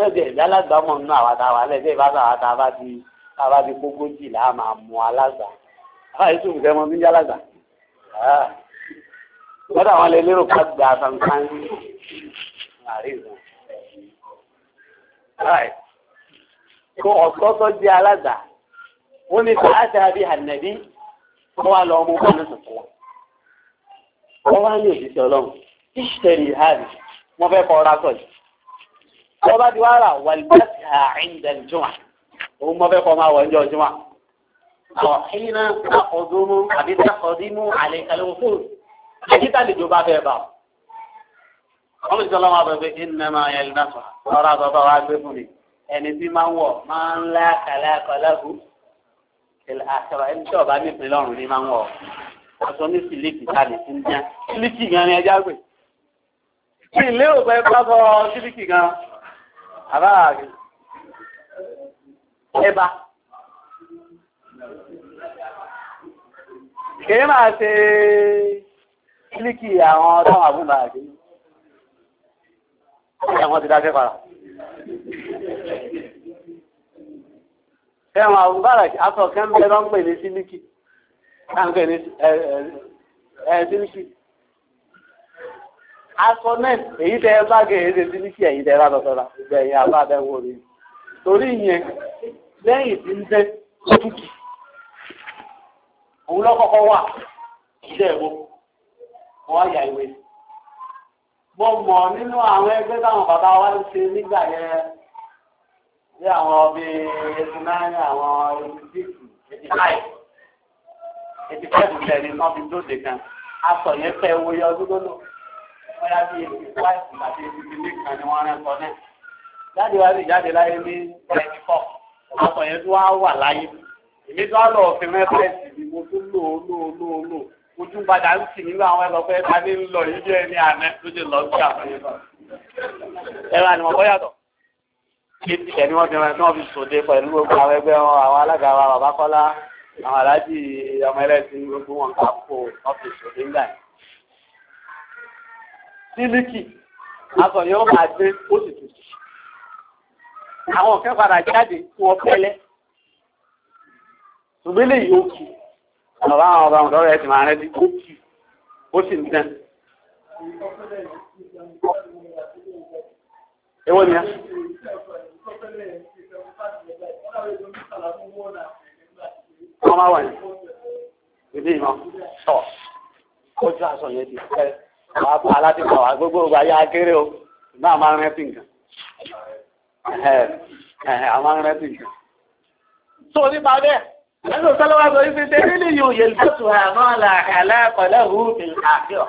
lọ́dẹ̀ ìdálàgbà ọmọ nínú àwàdà wà lẹ́dẹ̀ ìbáṣà àwàdà bá ti bá ti kókó jì láà máa mú alágbà àbáyé ah. tó nǹkan ọmọ níjà alágbà lọ́dọ̀ àwọn lélérò ká gba sansan àríwá kó ọ̀sọ́sọ́ jẹ́ alágbà wọ́n ní sàáṣà bíi ànàbí wọ́n wá lọ ọmọ wọn ní sọ̀tọ̀ wọn wá ní òṣìṣẹ́ ọlọ́run ìṣẹ̀lẹ̀ ìhàbì wọ́n fẹ́ kọ́ ra sọ yìí wọ́n bá ti wá rà wàlúùbẹ́sì àìndẹ̀l jùmọ̀ òun mọ́ fẹ́ kọ́ máa wọ̀ ẹ́jọ́ jùmọ̀ ọ̀ ẹ̀yìn náà àkọ́dúnmú àbí dákọ̀dínmú àlẹ́ kẹlẹ́wọ̀kú àyíká lè jọba fẹ́ bá wọ́n lè sọ́lá máa bẹ̀ pé ìnáma ẹ̀lẹ́nàfà ọ̀rọ̀ àbọ̀bá wa gbé fún mi ẹni tí máa ń wọ̀ ọ̀run ní máa ń wọ̀ ọ̀sán ní sílíkì tàbí sí ń jẹ́ sílíkì gan ni ẹja gbé kí ilé òpẹ́ pápọ̀ ṣíríkì gan àbáàrí ẹba kìí máa ṣe ṣíríkì àwọn ọdún àbúmà àti ẹ̀wọ̀n ti dáṣẹ́ para ẹ̀wọ̀n àbúbára aṣọ kẹ́ńbẹ́ lọ́n pè ní ṣíríkì aṣọ náà èyí tẹ ẹ bá gẹ èrè sí níṣẹ èyí tẹ ẹ bá lọ sọra ìgbà ẹyìn àbáàdá wò rí torí ìyẹn lẹ́yìn tí ń bẹ lótútù òun lọkọkọ wà iṣẹ ẹwọ wọn á yà ìwé mo mọ nínú àwọn ẹgbẹ́ táwọn bàbá wa ń ṣe nígbà yẹn bí àwọn bíi eighty nine àwọn eighty six eighty five eighty tẹ̀lé náà fi dóde kan aṣọ yẹn fẹ́ wo yọ ọdún tó lò ọ̀yá bí ìwà àti ìdílé kan ni wọ́n rán sọ náà. Jáde wá sí jáde láyé ní twenty four. Àtọ̀ yẹn tó wá wà láyé. Èmi tó wá lọ fi rẹ́fẹ̀sì ni mo tún lò ó lò ó lò ó lò. Ojú ń padà ń sì nínú àwọn ẹ̀rọ pé ta ní lọ yìí jẹ́ ní àná tó ṣe lọ sí àwọn ẹ̀rọ. Ẹ̀rọ àni wọ́n bọ́yàtọ̀. Ìtìkẹ̀ ni wọ́n fi rẹ̀ náà fi sòde pẹ̀lú gbogbo àwọn ẹgbẹ́ wọn, àwọn alága wa, bàbá Kọ́lá, àwọn aláàjì ọmọ ẹlẹ́sìn gbogbo wọn kà kó ọ́fíìsì sílíkì aṣọ yóò máa gbé ó sì tù sí. àwọn ọ̀kẹ́ padà jáde tí wọ́n fẹ́lẹ́. ṣùgbọ́n lè yóò kì ọ̀rọ̀ àwọn ọba ọ̀dọ́ rẹ̀ ti máa rẹ́ ní ó kì ó sì ń dán. Èwo ni ẹ? Wọ́n máa wà ní ìdí ìmọ̀ sọ̀. Ó aṣọ yẹn di fẹ́ wàá pa láti pa wá gbogbo ògbà yá kéré o náà máa rántí nǹkan àwọn rántí nǹkan. tó nípa bẹ́ẹ̀ lẹ́nu sọ́lọ́wọ́ sọ wípé tẹ́lẹ̀ yóò yẹ lùtọ́tù àmọ́ àlàkàlà pẹ̀lú òhùn ìhàkíọ̀.